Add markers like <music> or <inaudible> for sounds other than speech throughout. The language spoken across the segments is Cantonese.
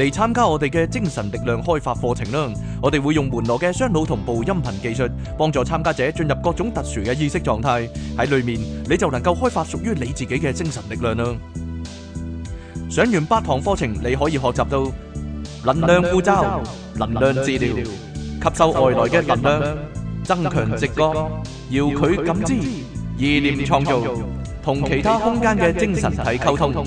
嚟參加我哋嘅精神力量開發課程啦！我哋會用門羅嘅雙腦同步音頻技術，幫助參加者進入各種特殊嘅意識狀態。喺裡面你就能夠開發屬於你自己嘅精神力量啦！上完八堂課程，你可以學習到能量護罩、能量治療、吸收外來嘅能量、增強直覺、遙距感知、意念創造、同其他空間嘅精神體溝通。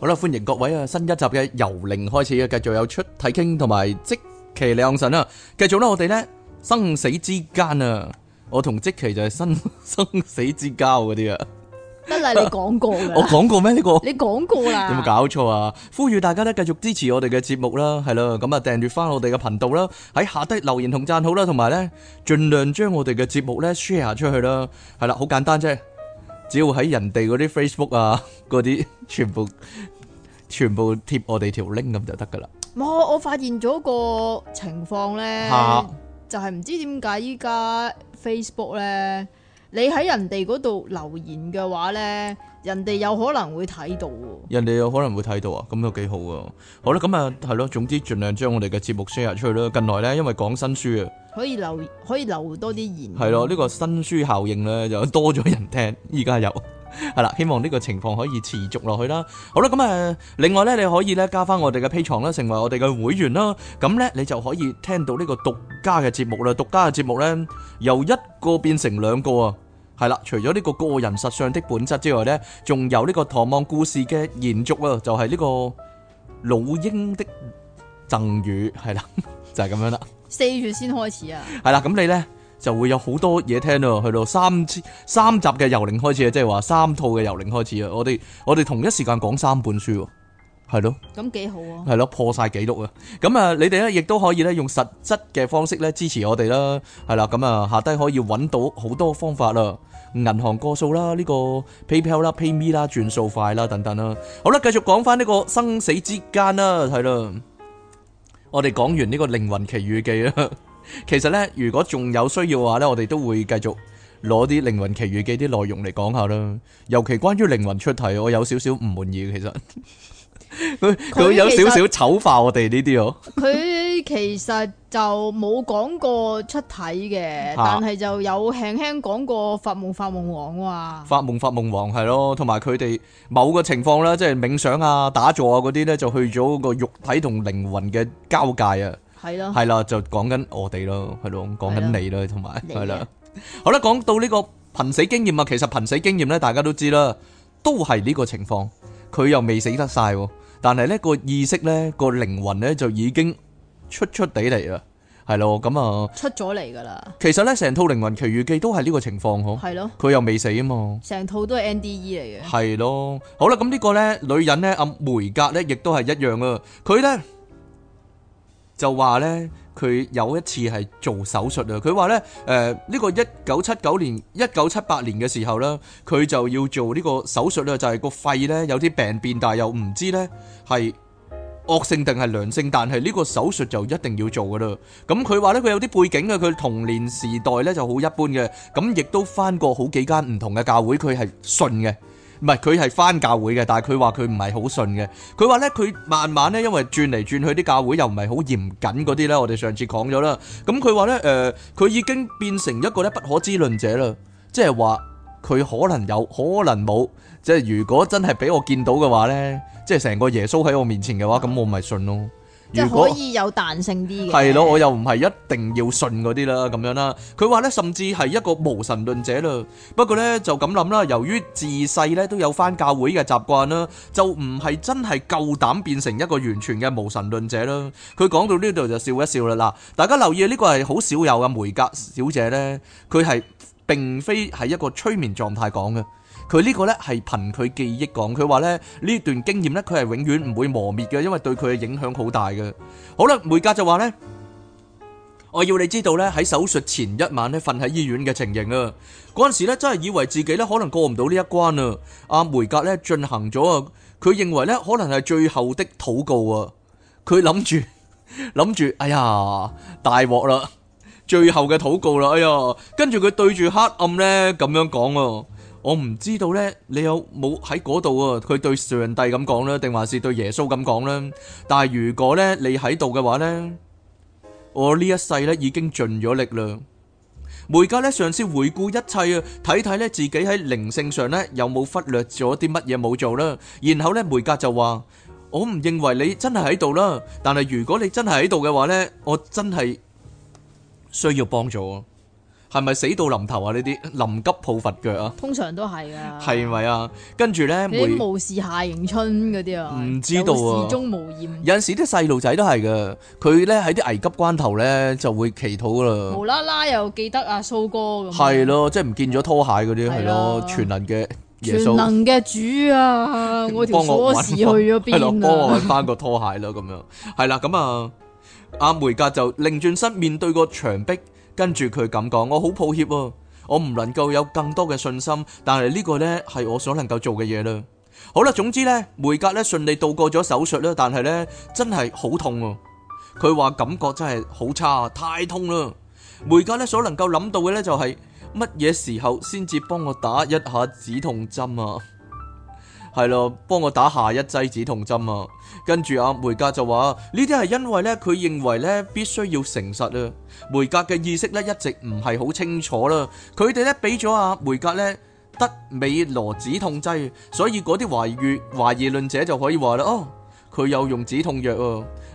好啦，歡迎各位啊！新一集嘅由零開始嘅，繼續有出體傾同埋積奇兩神啊。繼續啦，我哋咧生死之間啊，我同積奇就係生生死之交嗰啲啊。得啦，你講過， <laughs> 我講過咩呢，這個？你講過啦， <laughs> 有冇搞錯啊？呼籲大家咧，繼續支持我哋嘅節目啦，係啦，咁啊，訂閱翻我哋嘅頻道啦，喺下低留言同讚好啦，同埋咧盡量將我哋嘅節目咧 share 出去啦，係啦，好簡單啫。只要喺人哋嗰啲 Facebook 啊，嗰 <laughs> 啲全部全部貼我哋條 link 咁就得噶啦。冇、哦，我發現咗個情況咧，哈就係唔知點解依家 Facebook 咧，你喺人哋嗰度留言嘅話咧。人哋有可能會睇到，人哋有可能會睇到啊，咁都幾好啊。好啦，咁啊係咯，總之盡量將我哋嘅節目 share 出去啦。近來咧，因為講新書啊，可以留可以留多啲言。係咯，呢、這個新書效應咧就多咗人聽，依家又，係 <laughs> 啦。希望呢個情況可以持續落去啦。好啦，咁啊，另外咧，你可以咧加翻我哋嘅 Patreon 啦，成為我哋嘅會員啦。咁咧，你就可以聽到個獨獨呢個獨家嘅節目啦。獨家嘅節目咧，由一個變成兩個啊！係啦，除咗呢個個人實相的本質之外呢，仲有呢個《唐望故事》嘅延續啊，就係呢個《老鷹的贈語》。係啦，就係咁樣啦。四月先開始啊？係啦，咁你呢就會有好多嘢聽咯，去到三千三集嘅遊靈開始啊，即係話三套嘅遊靈開始啊。我哋我哋同一時間講三本書，係咯。咁幾好啊？係咯，破晒記錄啊！咁啊，你哋呢亦都可以呢，用實質嘅方式呢支持我哋啦。係啦，咁啊下低可以揾到好多方法啦。銀行過數啦，呢、這個 PayPal 啦、PayMe 啦，轉數快啦，等等啦。好啦，繼續講翻呢個生死之間啦，係啦。我哋講完呢個《靈魂奇遇記》啦， <laughs> 其實呢，如果仲有需要嘅話咧，我哋都會繼續攞啲《靈魂奇遇記》啲內容嚟講下啦。尤其關於靈魂出體，我有少少唔滿意，其實。 <laughs> 佢佢有少少醜化我哋呢啲哦。佢其實就冇講過出體嘅，但係就有輕輕講過發夢發夢王哇。發夢發夢王係咯，同埋佢哋某個情況咧，即係冥想啊、打坐啊嗰啲咧，就去咗個肉體同靈魂嘅交界啊。係咯，係啦，就講緊我哋咯，係咯，講緊你咯，同埋係啦。好啦，講到呢個瀕死經驗啊，其實瀕死經驗咧，大家都知啦，都係呢個情況。佢又未死得晒，但係呢個意識呢個靈魂呢就已經出出地嚟啦，係咯，咁啊出咗嚟噶啦。其實呢成套靈魂奇遇記都係呢個情況嗬，係咯，佢又未死啊嘛，成套都係 NDE 嚟嘅，係咯。好啦，咁呢個呢女人呢阿梅格呢亦都係一樣啊，佢呢就話呢。佢有一次係做手術啊，佢話呢誒呢個一九七九年一九七八年嘅時候呢，佢就要做呢個手術咧，就係個肺呢有啲病變，但係又唔知呢係惡性定係良性，但係呢個手術就一定要做噶啦。咁佢話呢佢有啲背景啊，佢童年時代呢就好一般嘅，咁亦都翻過好幾間唔同嘅教會，佢係信嘅。唔係，佢係返教會嘅，但係佢話佢唔係好信嘅。佢話咧，佢慢慢咧，因為轉嚟轉去啲教會又唔係好嚴謹嗰啲咧。我哋上次講咗啦，咁佢話咧，誒、呃，佢已經變成一個咧不可知論者啦，即係話佢可能有可能冇，即係如果真係俾我見到嘅話咧，即係成個耶穌喺我面前嘅話，咁我咪信咯。即係可以有彈性啲嘅，係咯，我又唔係一定要信嗰啲啦，咁樣啦。佢話咧，甚至係一個無神論者咯。不過咧就咁諗啦，由於自細咧都有翻教會嘅習慣啦，就唔係真係夠膽變成一個完全嘅無神論者啦。佢講到呢度就笑一笑啦。嗱，大家留意呢個係好少有嘅梅格小姐咧，佢係並非係一個催眠狀態講嘅。佢呢個咧係憑佢記憶講，佢話咧呢段經驗咧佢係永遠唔會磨滅嘅，因為對佢嘅影響好大嘅。好啦，梅格就話咧，我要你知道咧喺手術前一晚咧瞓喺醫院嘅情形啊，嗰陣時咧真係以為自己咧可能過唔到呢一關啊。阿梅格咧進行咗啊，佢認為咧可能係最後的禱告啊，佢諗住諗住，哎呀大鑊啦，最後嘅禱告啦，哎呀，跟住佢對住黑暗咧咁樣講啊。我唔知道呢，你有冇喺嗰度啊？佢對上帝咁講啦，定還是對耶穌咁講啦？但係如果呢，你喺度嘅話呢，我呢一世呢已經盡咗力啦。梅格呢，嘗試回顧一切啊，睇睇呢自己喺靈性上呢，有冇忽略咗啲乜嘢冇做啦。然後呢，梅格就話：我唔認為你真係喺度啦。但係如果你真係喺度嘅話呢，我真係需要幫助啊！係咪死到臨頭啊？呢啲臨急抱佛腳啊？通常都係啊。係咪啊？跟住咧，啲無事下迎春嗰啲啊？唔知道啊，始終無厭。有陣時啲細路仔都係噶，佢咧喺啲危急關頭咧就會祈禱噶啦。無啦啦又記得阿蘇哥咁。係咯，即係唔見咗拖鞋嗰啲，係咯的全能嘅耶穌。全能嘅主啊！我條拖鞋去咗邊啊？幫我搵翻個拖鞋啦，咁樣係啦。咁 <laughs> 啊，阿、啊啊、梅格就擰轉身面對個牆壁。跟住佢咁講，我好抱歉啊，我唔能夠有更多嘅信心，但係呢個咧係我所能夠做嘅嘢啦。好啦，總之咧，梅格咧順利渡過咗手術啦，但係咧真係好痛啊！佢話感覺真係好差，太痛啦。梅格咧所能夠諗到嘅咧就係乜嘢時候先至幫我打一下止痛針啊？係咯，幫我打下一劑止痛針啊！跟住阿梅格就話,呢啲係因為呢,佢認為呢,必須要誠實。梅格嘅意識呢,一直唔係好清楚啦。佢哋呢,俾咗阿梅格呢,德美羅止痛劑。所以,嗰啲懷疑懷疑論者就可以話啦,哦,佢又用止痛藥。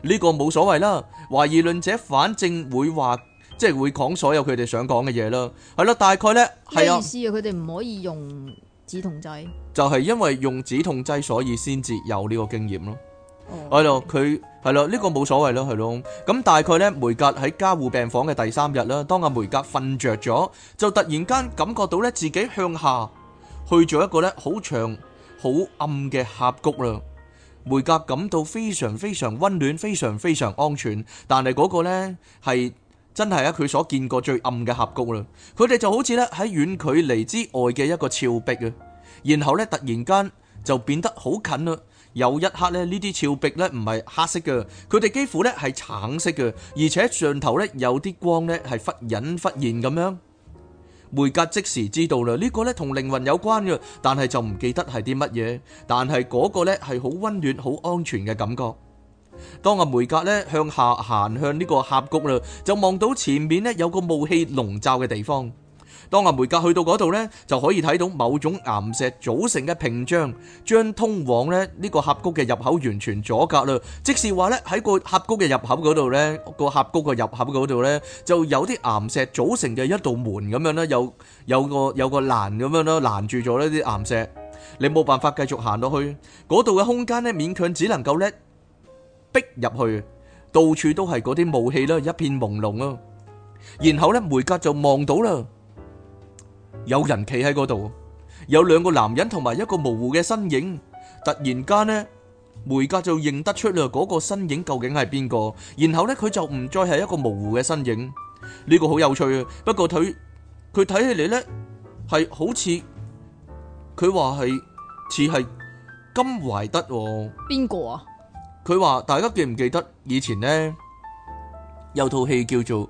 呢個冇所謂啦,懷疑論者反正會話,即係會講所有佢哋想講嘅嘢啦。對啦,大概呢,係啊。但係意思,佢哋唔可以用止痛劑。就係因為用止痛劑,所以先至有呢個經驗囉。係咯，佢係咯，呢個冇所謂咯，係咯。咁大概呢，梅格喺加護病房嘅第三日啦。當阿梅格瞓着咗，就突然間感覺到呢，自己向下去咗一個呢好長、好暗嘅峽谷啦。梅格感到非常非常溫暖、非常非常安全，但係嗰個呢，係真係啊，佢所見過最暗嘅峽谷啦。佢哋就好似呢，喺遠距離之外嘅一個峭壁啊，然後呢，突然間就變得好近啦。.有一刻呢，呢啲峭壁呢唔係黑色嘅，佢哋幾乎呢係橙色嘅，而且上頭呢有啲光呢係忽隱忽現咁樣。梅格即時知道啦，呢個呢同靈魂有關嘅，但係就唔記得係啲乜嘢。但係嗰個呢係好溫暖、好安全嘅感覺。當阿梅格呢向下行向呢個峽谷啦，就望到前面呢有個霧氣籠罩嘅地方。當阿梅格去到嗰度呢,就可以睇到某種岩石組成嘅屏障,將通往呢,呢個峽谷嘅入口完全阻隔啦。即是話呢,喺個峽谷嘅入口嗰度呢,個峽谷嘅入口嗰度呢,就有啲岩石組成嘅一道門咁樣啦,有,有個,有個欄咁樣啦,攔住咗呢啲岩石。你冇辦法繼續行落去。嗰度嘅空間呢,勉強只能夠呢,逼入去。到處都係嗰啲霧氣啦,一片朦朧啦。然後呢,梅格就望到啦。有人企喺嗰度，有兩個男人同埋一個模糊嘅身影。突然間咧，梅格就認得出嚟，嗰個身影究竟係邊個？然後咧，佢就唔再係一個模糊嘅身影。呢個好有趣啊！不過佢佢睇起嚟咧，係好似佢話係似係金懷德邊個啊？佢話大家記唔記得以前咧有套戲叫做《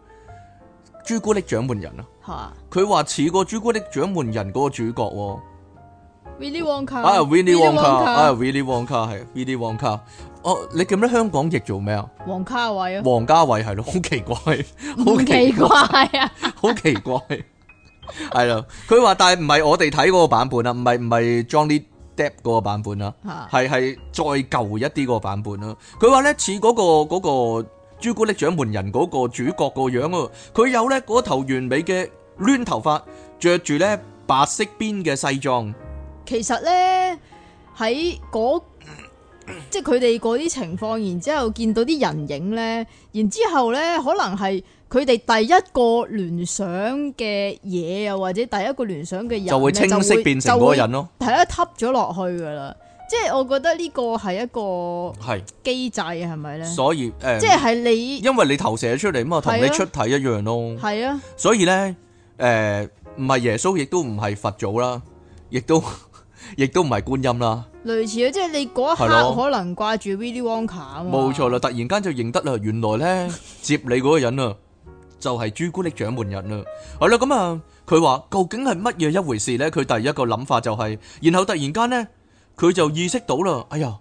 朱古力獎門人》啊？佢話似個朱古力掌門人嗰個主角喎，Willy Wonka 啊 Willy Wonka 啊 Willy Wonka 係，Willy Wonka 哦，你記唔記得香港譯做咩啊？王家偉，王家偉係咯，好奇怪，好奇怪啊，好奇怪係啦。佢話但係唔係我哋睇嗰個版本啦，唔係唔係 Johnny Depp 嗰個版本啦，係係再舊一啲個版本啦。佢話咧似嗰個個。朱古力獎門人嗰個主角個樣哦，佢有咧嗰頭完美嘅攣頭髮，着住咧白色邊嘅西裝。其實咧喺嗰，即係佢哋嗰啲情況，然之後見到啲人影咧，然之後咧可能係佢哋第一個聯想嘅嘢，又或者第一個聯想嘅人咧就會清晰變成嗰個人咯，第一吸咗落去噶啦。即係我覺得呢個係一個機制係咪咧？所以誒，即係係你，因為你投射出嚟嘛，同你出體一樣咯。係啊，所以咧誒，唔係耶穌，亦都唔係佛祖啦，亦都亦都唔係觀音啦，類似啊，即係你嗰一刻可能掛住 Willy Wonka 啊嘛。冇錯啦，突然間就認得啦，原來咧接你嗰個人啊，就係朱古力掌門人啦。好啦，咁啊，佢話究竟係乜嘢一回事咧？佢第一個諗法就係，然後突然間咧。佢就意識到啦，哎呀，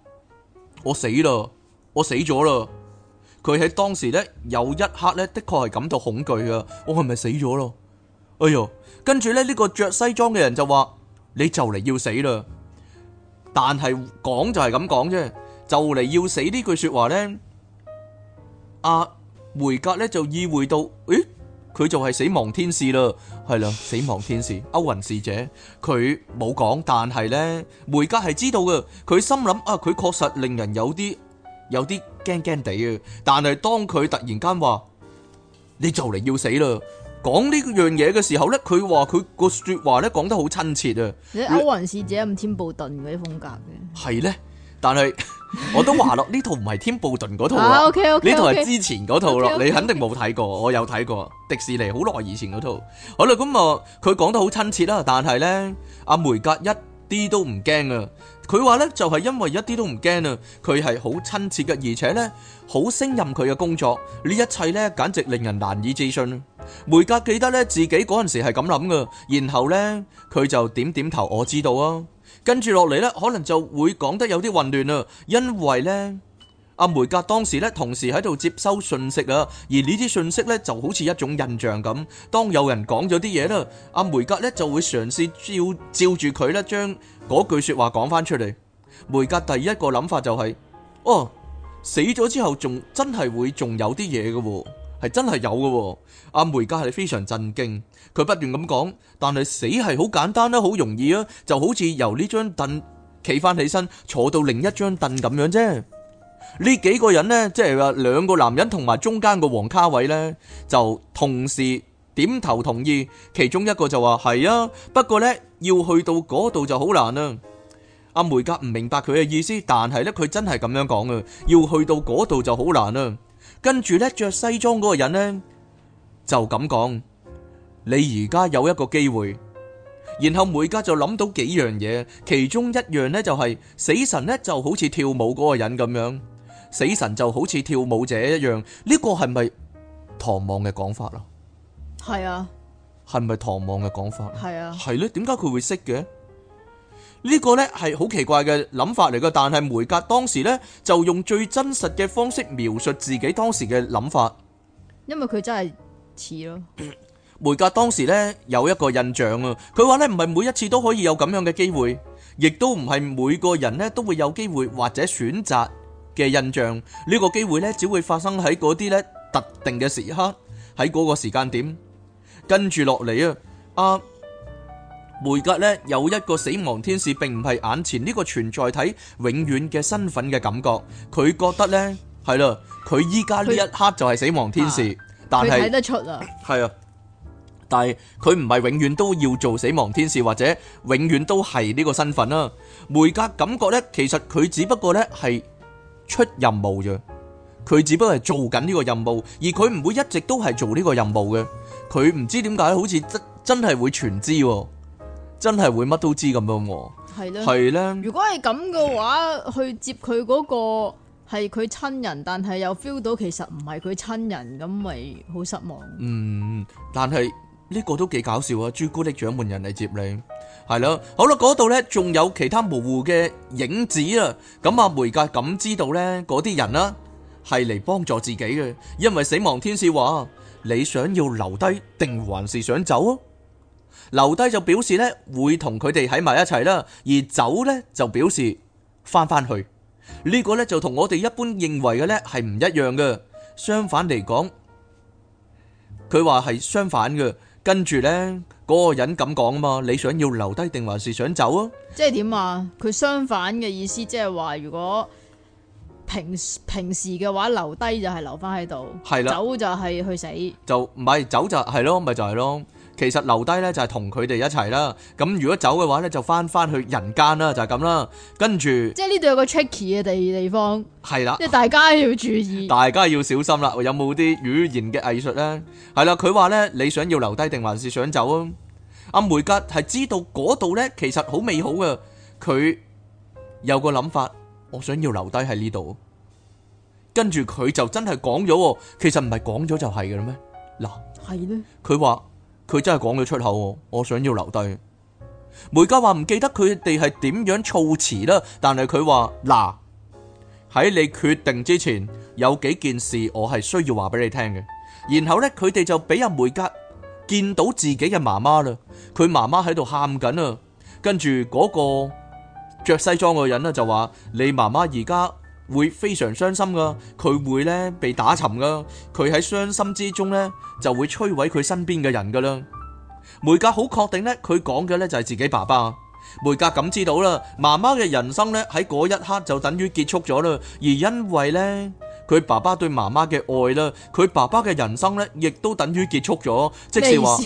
我死啦，我死咗啦！佢喺當時咧有一刻咧的確係感到恐懼噶，我係咪死咗咯？哎喲，跟住咧呢個着西裝嘅人就話，你就嚟要死啦！但係講就係咁講啫，就嚟要死呢句說話咧，阿梅格咧就意會到，誒。佢就係死亡天使啦，係啦，死亡天使歐雲使者，佢冇講，但係咧梅家係知道嘅，佢心諗啊，佢確實令人有啲有啲驚驚地啊，但係當佢突然間話，你就嚟要死啦，講呢個樣嘢嘅時候咧，佢話佢個說話咧講得好親切啊，你歐雲使者咁添布頓嗰啲風格嘅，係咧。 <laughs> 但係我都話咯，呢套唔係《添布頓》嗰套咯，呢套係之前嗰套咯， <noise> 你肯定冇睇過。我有睇過迪士尼好耐以前嗰套。好啦，咁、嗯、啊，佢講得好親切啦，但係呢，阿梅格一啲都唔驚啊。佢話呢，就係、是、因為一啲都唔驚啊，佢係好親切嘅，而且呢，好勝任佢嘅工作。呢一切呢，簡直令人難以置信。梅格記得呢，自己嗰陣時係咁諗噶，然後呢，佢就點點頭，我知道啊。跟住落嚟咧，可能就會講得有啲混亂啦，因為咧，阿梅格當時咧，同時喺度接收訊息啊，而呢啲訊息咧，就好似一種印象咁。當有人講咗啲嘢咧，阿梅格咧就會嘗試照照住佢咧，將嗰句說話講翻出嚟。梅格第一個諗法就係、是，哦，死咗之後仲真係會仲有啲嘢嘅喎。係真係有嘅，阿梅格係非常震驚，佢不斷咁講，但係死係好簡單啦，好容易啊，就好似由呢張凳企翻起身坐到另一張凳咁樣啫。呢幾個人呢，即係話兩個男人同埋中間個黃卡位呢，就同時點頭同意，其中一個就話，係啊，不過呢要去到嗰度就好難啊。阿梅格唔明白佢嘅意思，但係呢佢真係咁樣講啊，要去到嗰度就好難啊。跟住咧，着西裝嗰個人呢，就咁講：你而家有一個機會。然後每家就諗到幾樣嘢，其中一樣呢、就係，就係死神呢就好似跳舞嗰個人咁樣，死神就好似跳舞者一樣。呢、呢個係咪唐望嘅講法啊？係啊。係咪唐望嘅講法？係啊。係咧、啊，點解佢會識嘅？呢個呢係好奇怪嘅諗法嚟嘅，但係梅格當時呢就用最真實嘅方式描述自己當時嘅諗法，因為佢真係似咯。梅格當時呢有一個印象啊，佢話呢唔係每一次都可以有咁樣嘅機會，亦都唔係每個人呢都會有機會或者選擇嘅印象。呢個機會呢只會發生喺嗰啲呢特定嘅時刻，喺嗰個時間點。跟住落嚟啊，阿。梅格咧有一個死亡天使，並唔係眼前呢個存在體永遠嘅身份嘅感覺。佢覺得呢係啦，佢依家呢一刻就係死亡天使，啊、但係佢睇得出啊，係啊，但係佢唔係永遠都要做死亡天使，或者永遠都係呢個身份啦、啊。梅格感覺呢，其實佢只不過呢係出任務嘅，佢只不過係做緊呢個任務，而佢唔會一直都係做呢個任務嘅。佢唔知點解好似真真係會全知、啊。真係會乜都知咁樣喎，係咧，如果係咁嘅話，去接佢嗰個係佢親人，但係又 feel 到其實唔係佢親人，咁咪好失望。嗯，但係呢個都幾搞笑啊！朱古力獎門人嚟接你，係囉，好啦，嗰度呢仲有其他模糊嘅影子啊！咁阿梅格感知到咧，嗰啲人啦係嚟幫助自己嘅，因為死亡天使話你想要留低定還是想走啊？留低就表示呢會同佢哋喺埋一齊啦，而走呢就表示翻翻去。呢個呢就同我哋一般認為嘅呢係唔一樣嘅。相反嚟講，佢話係相反嘅。跟住呢，嗰個人咁講嘛，你想要留低定還是想走啊？即係點啊？佢相反嘅意思即係話，如果平平時嘅話留低就係留翻喺度，係啦，走就係去死，就唔係走就係咯，咪就係咯。其實留低咧就係同佢哋一齊啦，咁如果走嘅話咧就翻翻去人間啦，就係咁啦。跟住即係呢度有個 tricky 嘅地地方，係啦的，即係大家要注意，大家要小心啦。有冇啲語言嘅藝術咧？係啦，佢話咧，你想要留低定還是想走啊？阿梅吉係知道嗰度咧其實好美好嘅，佢有個諗法，我想要留低喺呢度。跟住佢就真係講咗，其實唔係講咗就係嘅嘞咩？嗱的，係咧，佢話。佢真係講咗出口，我想要留低。梅家，話唔記得佢哋係點樣措辭啦，但係佢話嗱，喺你決定之前，有幾件事我係需要話俾你聽嘅。然後呢，佢哋就俾阿梅家見到自己嘅媽媽啦，佢媽媽喺度喊緊啊，跟住嗰個着西裝嘅人啦就話：你媽媽而家會非常傷心噶，佢會咧被打沉噶，佢喺傷心之中咧就會摧毀佢身邊嘅人噶啦。梅格好確定咧，佢講嘅咧就係自己爸爸。梅格感知到啦，媽媽嘅人生咧喺嗰一刻就等於結束咗啦，而因為咧佢爸爸對媽媽嘅愛啦，佢爸爸嘅人生咧亦都等於結束咗，即係話。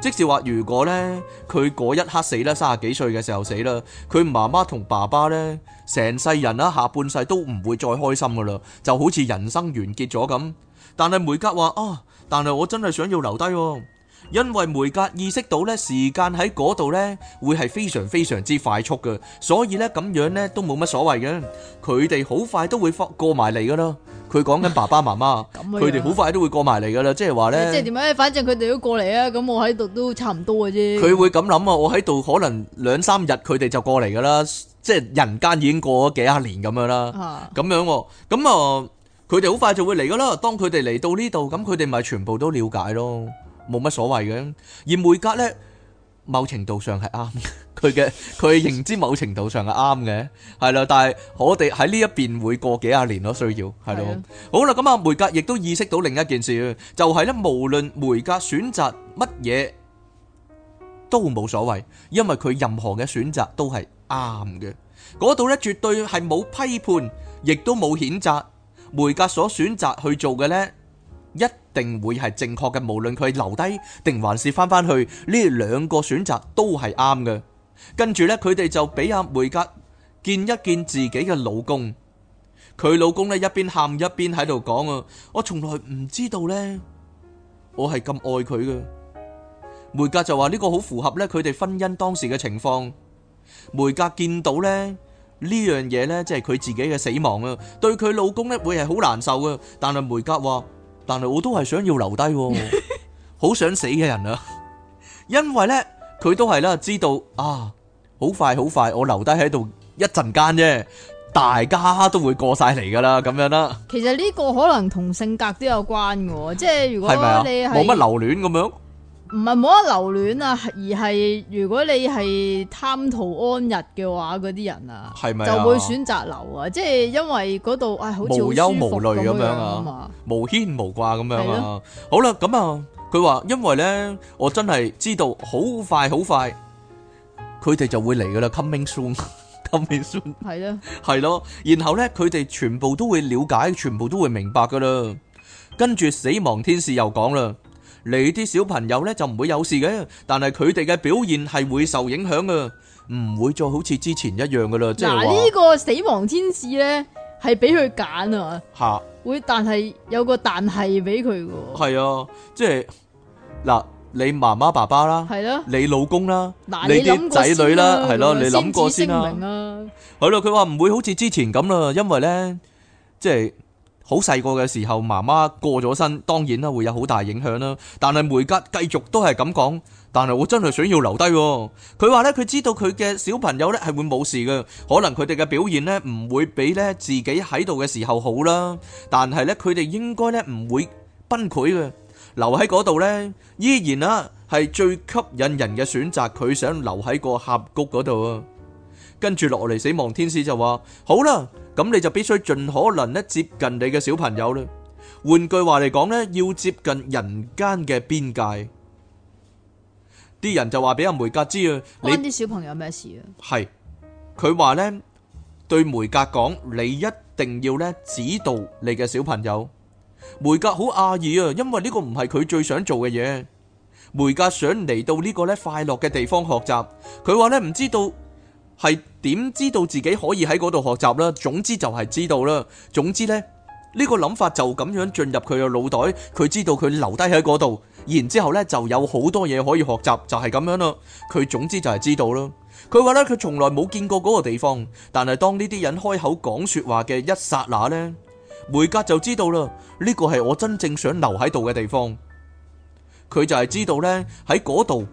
即是話，如果呢，佢嗰一刻死啦，三十幾歲嘅時候死啦，佢媽媽同爸爸呢，成世人啦，下半世都唔會再開心噶啦，就好似人生完結咗咁。但係梅格話啊，但係我真係想要留低。因為梅格意識到咧，時間喺嗰度咧會係非常非常之快速嘅，所以咧咁樣咧都冇乜所謂嘅。佢哋好快都會過過埋嚟噶啦。佢講緊爸爸媽媽，佢哋好快都會過埋嚟噶啦。即係話咧，即係點咧？反正佢哋都過嚟啊。咁我喺度都差唔多嘅啫。佢會咁諗啊？我喺度可能兩三日，佢哋就過嚟噶啦。即係人間已經過咗幾廿年咁樣啦。咁樣咁啊，佢哋好快就會嚟噶啦。當佢哋嚟到呢度，咁佢哋咪全部都了解咯。冇乜所謂嘅，而梅格咧，某程度上係啱，佢嘅，佢認知某程度上係啱嘅，係啦。但係我哋喺呢一邊會過幾十年咯，需要係咯。好啦，咁啊，梅格亦都意識到另一件事，就係咧，無論梅格選擇乜嘢都冇所謂，因為佢任何嘅選擇都係啱嘅。嗰度咧絕對係冇批判，亦都冇譴責梅格所選擇去做嘅咧。一定會係正確嘅，無論佢留低定還是翻返去，呢兩個選擇都係啱嘅。跟住咧，佢哋就俾阿梅格見一見自己嘅老公。佢老公咧，一邊喊一邊喺度講啊，我從來唔知道咧，我係咁愛佢嘅。梅格就話呢個好符合咧，佢哋婚姻當時嘅情況。梅格見到咧呢樣嘢咧，即係佢自己嘅死亡啊，對佢老公咧會係好難受啊。但係梅格話。但係我都係想要留低，好 <laughs> 想死嘅人啊！因為咧佢都係啦，知道啊，好快好快，我留低喺度一陣間啫，大家都會過晒嚟噶啦，咁樣啦。其實呢個可能同性格都有關嘅，即係如果你冇乜留戀咁樣。唔係冇得留戀啊，而係如果你係貪圖安逸嘅話，嗰啲人啊，係咪就會選擇留啊，即係因為嗰度唉，好似無憂無慮咁樣啊，無牽無掛咁樣啊。好啦，咁啊，佢話因為咧，我真係知道好快好快，佢哋就會嚟噶啦，coming soon，coming soon，係咯，係咯。然後咧，佢哋全部都會了解，全部都會明白噶啦。跟住死亡天使又講啦。你啲小朋友咧就唔會有事嘅，但係佢哋嘅表現係會受影響噶唔會再好似之前一樣噶啦。即係嗱，呢個死亡天使咧係俾佢揀啊，吓，會但係有個但係俾佢噶。係啊，即係嗱，你媽媽爸爸啦，係咯，你老公啦，你啲仔女啦，係咯，你諗過先啦。明啦，係咯，佢話唔會好似之前咁啦，因為咧即係。好細個嘅時候，媽媽過咗身，當然啦會有好大影響啦。但係梅格繼續都係咁講，但係我真係想要留低。佢話咧，佢知道佢嘅小朋友咧係會冇事嘅，可能佢哋嘅表現咧唔會比咧自己喺度嘅時候好啦，但係咧佢哋應該咧唔會崩潰嘅，留喺嗰度咧依然啦係最吸引人嘅選擇。佢想留喺個峽谷嗰度啊。跟住落嚟，死亡天使就話：好啦。咁你就必須盡可能咧接近你嘅小朋友啦。換句話嚟講咧，要接近人間嘅邊界。啲人就話俾阿梅格知啊，關啲小朋友咩事啊？係佢話咧，對梅格講，你一定要咧指導你嘅小朋友。梅格好訝異啊，因為呢個唔係佢最想做嘅嘢。梅格想嚟到呢個咧快樂嘅地方學習。佢話咧唔知道。係點知道自己可以喺嗰度學習啦？總之就係知道啦。總之呢，呢個諗法就咁樣進入佢嘅腦袋，佢知道佢留低喺嗰度，然之後咧就有好多嘢可以學習，就係咁樣啦。佢總之就係知道啦。佢話咧，佢從來冇見過嗰個地方，但係當呢啲人開口講說話嘅一剎那呢，梅格就知道啦，呢個係我真正想留喺度嘅地方。佢就係知道呢，喺嗰度。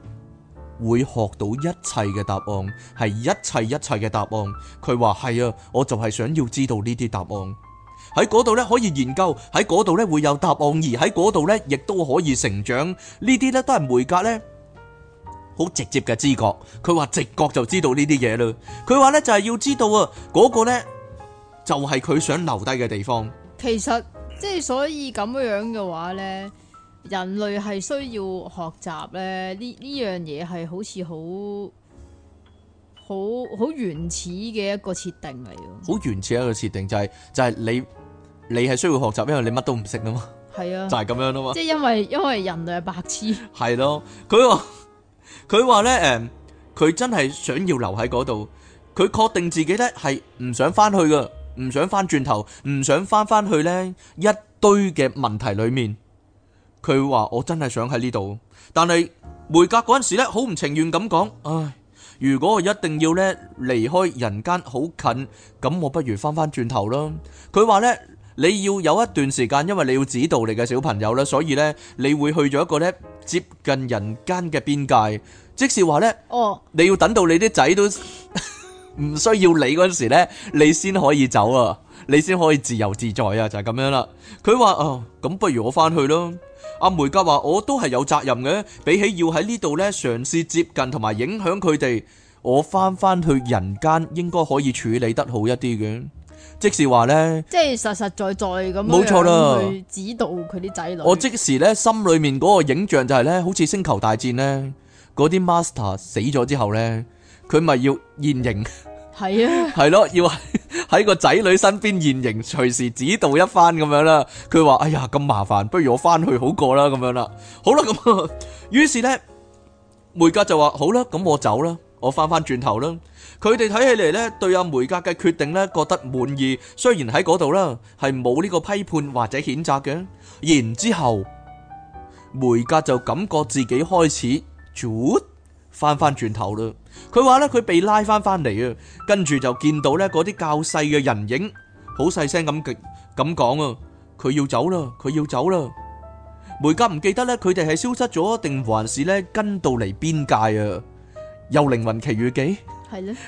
會學到一切嘅答案，係一切一切嘅答案。佢話係啊，我就係想要知道呢啲答案。喺嗰度呢，可以研究，喺嗰度呢，會有答案，而喺嗰度呢，亦都可以成長。呢啲呢，都係梅格呢，好直接嘅知覺。佢話直覺就知道呢啲嘢啦。佢話呢，就係要知道啊，嗰個呢，就係佢想留低嘅地方。其實即係所以咁樣嘅話呢。人類係需要學習咧，呢呢樣嘢係好似好好好原始嘅一個設定嚟嘅。好原始一個設定就係就係你你係需要學習，因為你乜都唔識啊嘛。係啊，就係咁樣啊嘛。即係因為因為人類係白痴。係咯，佢話佢話咧，誒，佢真係想要留喺嗰度，佢確定自己咧係唔想翻去嘅，唔想翻轉頭，唔想翻翻去咧一堆嘅問題裏面。佢話：我真係想喺呢度，但係梅格嗰陣時咧，好唔情願咁講。唉，如果我一定要咧離開人間，好近，咁我不如翻翻轉頭咯。佢話咧，你要有一段時間，因為你要指導你嘅小朋友啦，所以咧，你會去咗一個咧接近人間嘅邊界。即是話咧，哦，你要等到你啲仔都唔 <laughs> 需要你嗰陣時咧，你先可以走啊，你先可以自由自在啊，就係、是、咁樣啦。佢話：哦，咁不如我翻去咯。阿梅格，話，我都係有責任嘅，比起要喺呢度呢，嘗試接近同埋影響佢哋，我返返去人間應該可以處理得好一啲嘅。即是話呢，即係實實在在咁,冇錯啦。指導佢啲仔女。我即時呢，心裏面嗰個影像就係呢，好似星球大戰呢，嗰啲 master 死咗之後呢，佢咪要現形。 <laughs> 係啊，係咯，要喺個仔女身邊現形，隨時指導一番咁樣啦。佢話：哎呀，咁麻煩，不如我翻去好過啦，咁樣啦。好啦，咁於是呢，梅格就話：好啦，咁我走啦，我翻翻轉頭啦。佢哋睇起嚟呢，對阿梅格嘅決定呢，覺得滿意，雖然喺嗰度啦，係冇呢個批判或者譴責嘅。然之後，梅格就感覺自己開始翻翻轉頭啦，佢話咧，佢被拉翻翻嚟啊，跟住就見到咧，嗰啲較細嘅人影，好細聲咁咁講啊，佢要走啦，佢要走啦。梅家唔記得咧，佢哋係消失咗定還是咧跟到嚟邊界啊？又靈魂奇遇記。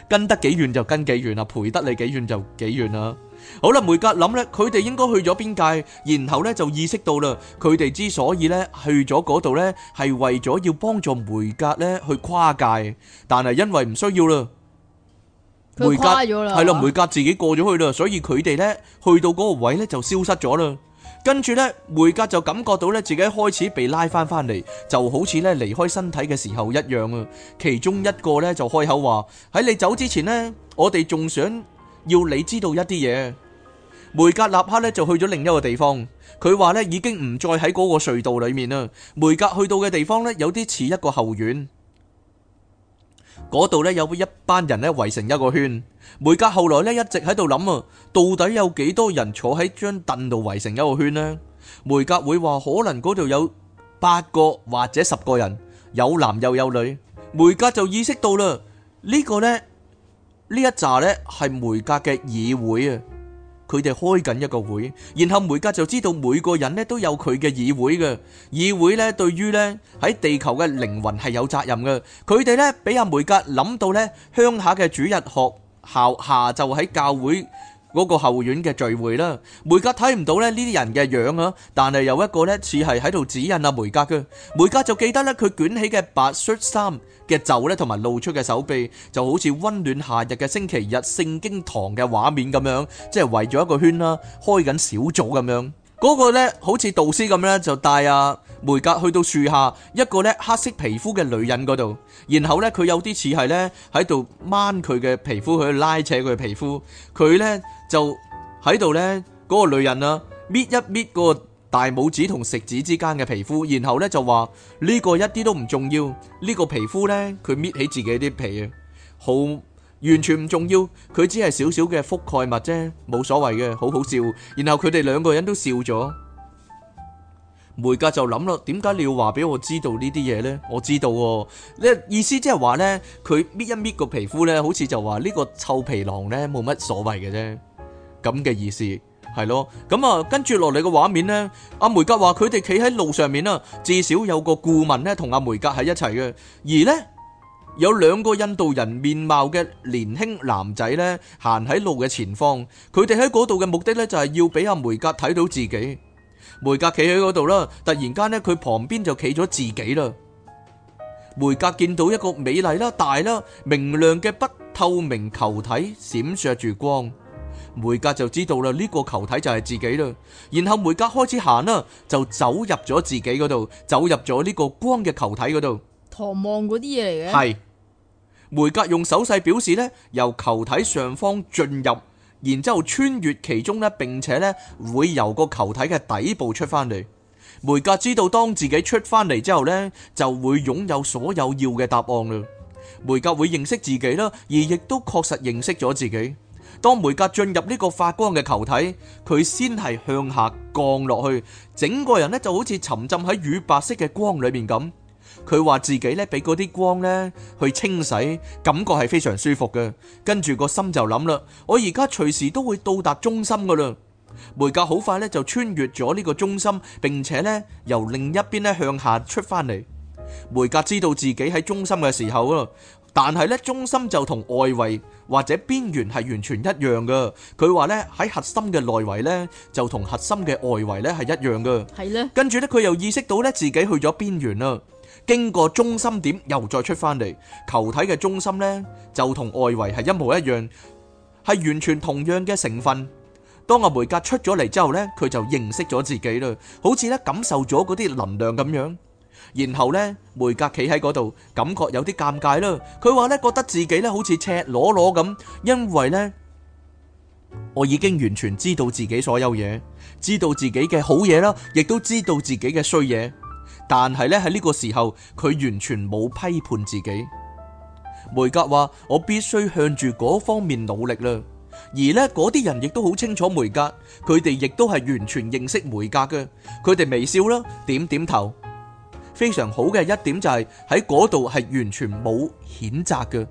跟得幾遠就跟幾遠啦，陪得你幾遠就幾遠啦。好啦，梅格諗咧，佢哋應該去咗邊界，然後咧就意識到啦，佢哋之所以咧去咗嗰度咧，係為咗要幫助梅格咧去跨界，但係因為唔需要啦，梅格跨咗啦，係啦，梅格自己過咗去啦，所以佢哋咧去到嗰個位咧就消失咗啦。跟住呢，梅格就感覺到呢，自己開始被拉返返嚟，就好似呢離開身體嘅時候一樣啊！其中一個呢，就開口話：喺你走之前呢，我哋仲想要你知道一啲嘢。梅格立刻呢，就去咗另一個地方。佢話呢，已經唔再喺嗰個隧道裏面啦。梅格去到嘅地方呢，有啲似一個後院。嗰度呢，有俾一班人呢，圍成一個圈。梅格後來咧，一直喺度諗啊，到底有幾多人坐喺張凳度圍成一個圈呢？梅格會話可能嗰度有八個或者十個人，有男又有女。梅格就意識到啦，呢、呢個呢，呢一扎呢，係梅格嘅議會啊，佢哋開緊一個會，然後梅格就知道每個人咧都有佢嘅議會嘅議會呢，對於呢喺地球嘅靈魂係有責任嘅，佢哋呢，俾阿梅格諗到呢鄉下嘅主日學下下晝喺教會嗰個後院嘅聚會啦，梅格睇唔到咧呢啲人嘅樣啊，但係有一個咧似係喺度指引阿梅格嘅，梅格就記得咧佢捲起嘅白恤衫嘅袖咧，同埋露出嘅手臂，就好似溫暖夏日嘅星期日聖經堂嘅畫面咁樣，即係圍咗一個圈啦，開緊小組咁樣。嗰個咧好似導師咁咧，就帶阿梅格去到樹下一個咧黑色皮膚嘅女人嗰度，然後咧佢有啲似係咧喺度掹佢嘅皮膚，去拉扯佢嘅皮膚。佢咧就喺度咧嗰個女人啊，搣一搣嗰個大拇指同食指之間嘅皮膚，然後咧就話呢個一啲都唔重要，呢個皮膚咧佢搣起自己啲皮啊，好。完全唔重要，佢只係少少嘅覆蓋物啫，冇所謂嘅，好好笑。然後佢哋兩個人都笑咗。梅格就諗咯，點解你要話俾我知道呢啲嘢呢？我知道喎、哦，呢意思即係話呢，佢搣一搣個皮膚呢，好似就話呢個臭皮囊呢冇乜所謂嘅啫，咁嘅意思係咯。咁啊，跟住落嚟嘅畫面呢，阿梅格話佢哋企喺路上面啊，至少有個顧問呢同阿梅格喺一齊嘅，而呢。有兩個印度人面貌嘅年輕男仔呢，行喺路嘅前方。佢哋喺嗰度嘅目的呢，就係要俾阿梅格睇到自己。梅格企喺嗰度啦，突然間呢，佢旁邊就企咗自己啦。梅格見到一個美麗啦，大啦，明亮嘅不透明球體，閃爍住光。梅格就知道啦，呢個球體就係自己啦。然後梅格開始行啦，就走入咗自己嗰度。走入咗呢個光嘅球體嗰度。唐望嗰啲嘢嚟㗎？係。梅格用手勢表示咧，由球體上方進入，然之後穿越其中咧，並且咧會由個球體嘅底部出返嚟。梅格知道當自己出返嚟之後咧，就會擁有所有要嘅答案啦。梅格會認識自己啦，而亦都確實認識咗自己。當梅格進入呢個發光嘅球體，佢先係向下降落去，整個人咧就好似沉浸喺乳白色嘅光裏面咁。佢話自己咧，俾嗰啲光咧去清洗，感覺係非常舒服嘅。跟住，個心就諗啦，我而家隨時都會到達中心噶啦。梅格好快咧就穿越咗呢個中心，並且咧由另一邊咧向下出翻嚟。梅格知道自己喺中心嘅時候啊，但係咧中心就同外圍或者邊緣係完全一樣噶。佢話咧喺核心嘅內圍咧就同核心嘅外圍咧係一樣噶。係咧，跟住咧佢又意識到咧自己去咗邊緣啦。經過中心點，又再出翻嚟，球體嘅中心呢就同外圍係一模一樣，係完全同樣嘅成分。當阿梅格出咗嚟之後呢，佢就認識咗自己啦，好似咧感受咗嗰啲能量咁樣。然後呢，梅格企喺嗰度，感覺有啲尷尬啦。佢話呢，覺得自己呢好似赤裸裸咁，因為呢，我已經完全知道自己所有嘢，知道自己嘅好嘢啦，亦都知道自己嘅衰嘢。但係咧喺呢個時候，佢完全冇批判自己。梅格話：我必須向住嗰方面努力啦。而呢嗰啲人亦都好清楚梅格，佢哋亦都係完全認識梅格嘅。佢哋微笑啦，點點頭。非常好嘅一點就係喺嗰度係完全冇譴責嘅，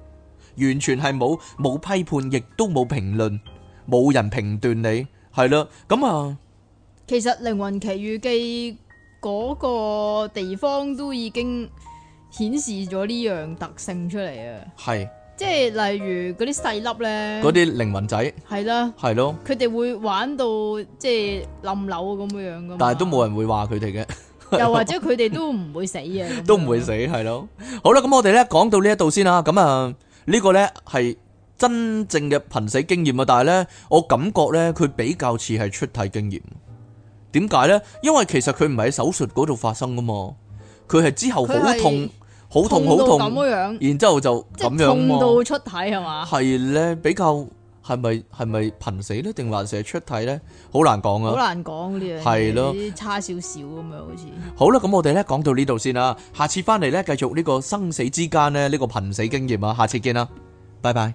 完全係冇冇批判，亦都冇評論，冇人評斷你。係啦，咁啊，其實《靈魂奇遇記》。嗰個地方都已經顯示咗呢樣特性出嚟啊！係，即係例如嗰啲細粒咧，嗰啲靈魂仔係啦，係咯，佢哋會玩到即係冧樓咁樣樣噶。但係都冇人會話佢哋嘅，又或者佢哋都唔會死啊，都唔會死係咯。好啦，咁我哋咧講到呢一度先啦。咁啊，呢個咧係真正嘅瀕死經驗啊，但係咧我感覺咧佢比較似係出體經驗。點解咧？因為其實佢唔係喺手術嗰度發生噶嘛，佢係之後好痛，好痛，痛，好痛咁樣，然之後就咁樣痛到出體係嘛？係咧，比較係咪係咪瀕死咧，定還成日出體咧？好難講啊！好難講呢樣。係咯，差少少咁樣好似。好啦，咁我哋咧講到呢度先啦，下次翻嚟咧繼續呢個生死之間咧呢個瀕死經驗啊，下次見啦，拜拜。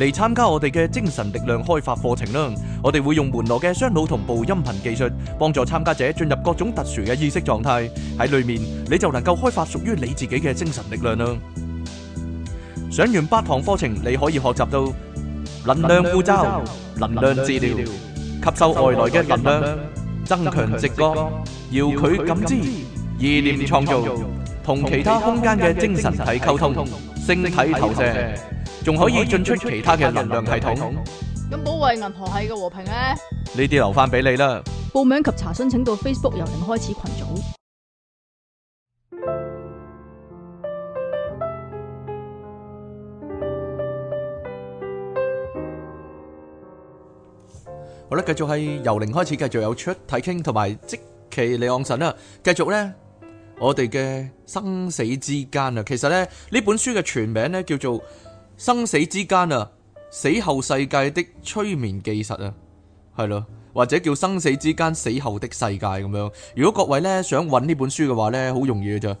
嚟參加我哋嘅精神力量開發課程啦！我哋會用門羅嘅雙腦同步音頻技術，幫助參加者進入各種特殊嘅意識狀態。喺裏面你就能夠開發屬於你自己嘅精神力量啦！上完八堂課程，你可以學習到能量護罩、能量治療、吸收外來嘅能量、增強直覺、遙距感知、意念創造、同其他空間嘅精神體溝通、星體投射。仲可以進出其他嘅能量系統。咁保衛銀河系嘅和平咧？呢啲留翻俾你啦。報名及查詢請到 Facebook 由零開始群組。 <music> 好啦，繼續係由零開始，繼續有出睇傾，同埋即期李昂臣啦。繼續咧，我哋嘅生死之間啊。其實咧呢本書嘅全名咧叫做。生死之間啊，死後世界的催眠技術啊，係咯，或者叫生死之間死後的世界咁樣。如果各位呢，想揾呢本書嘅話呢，好容易嘅啫，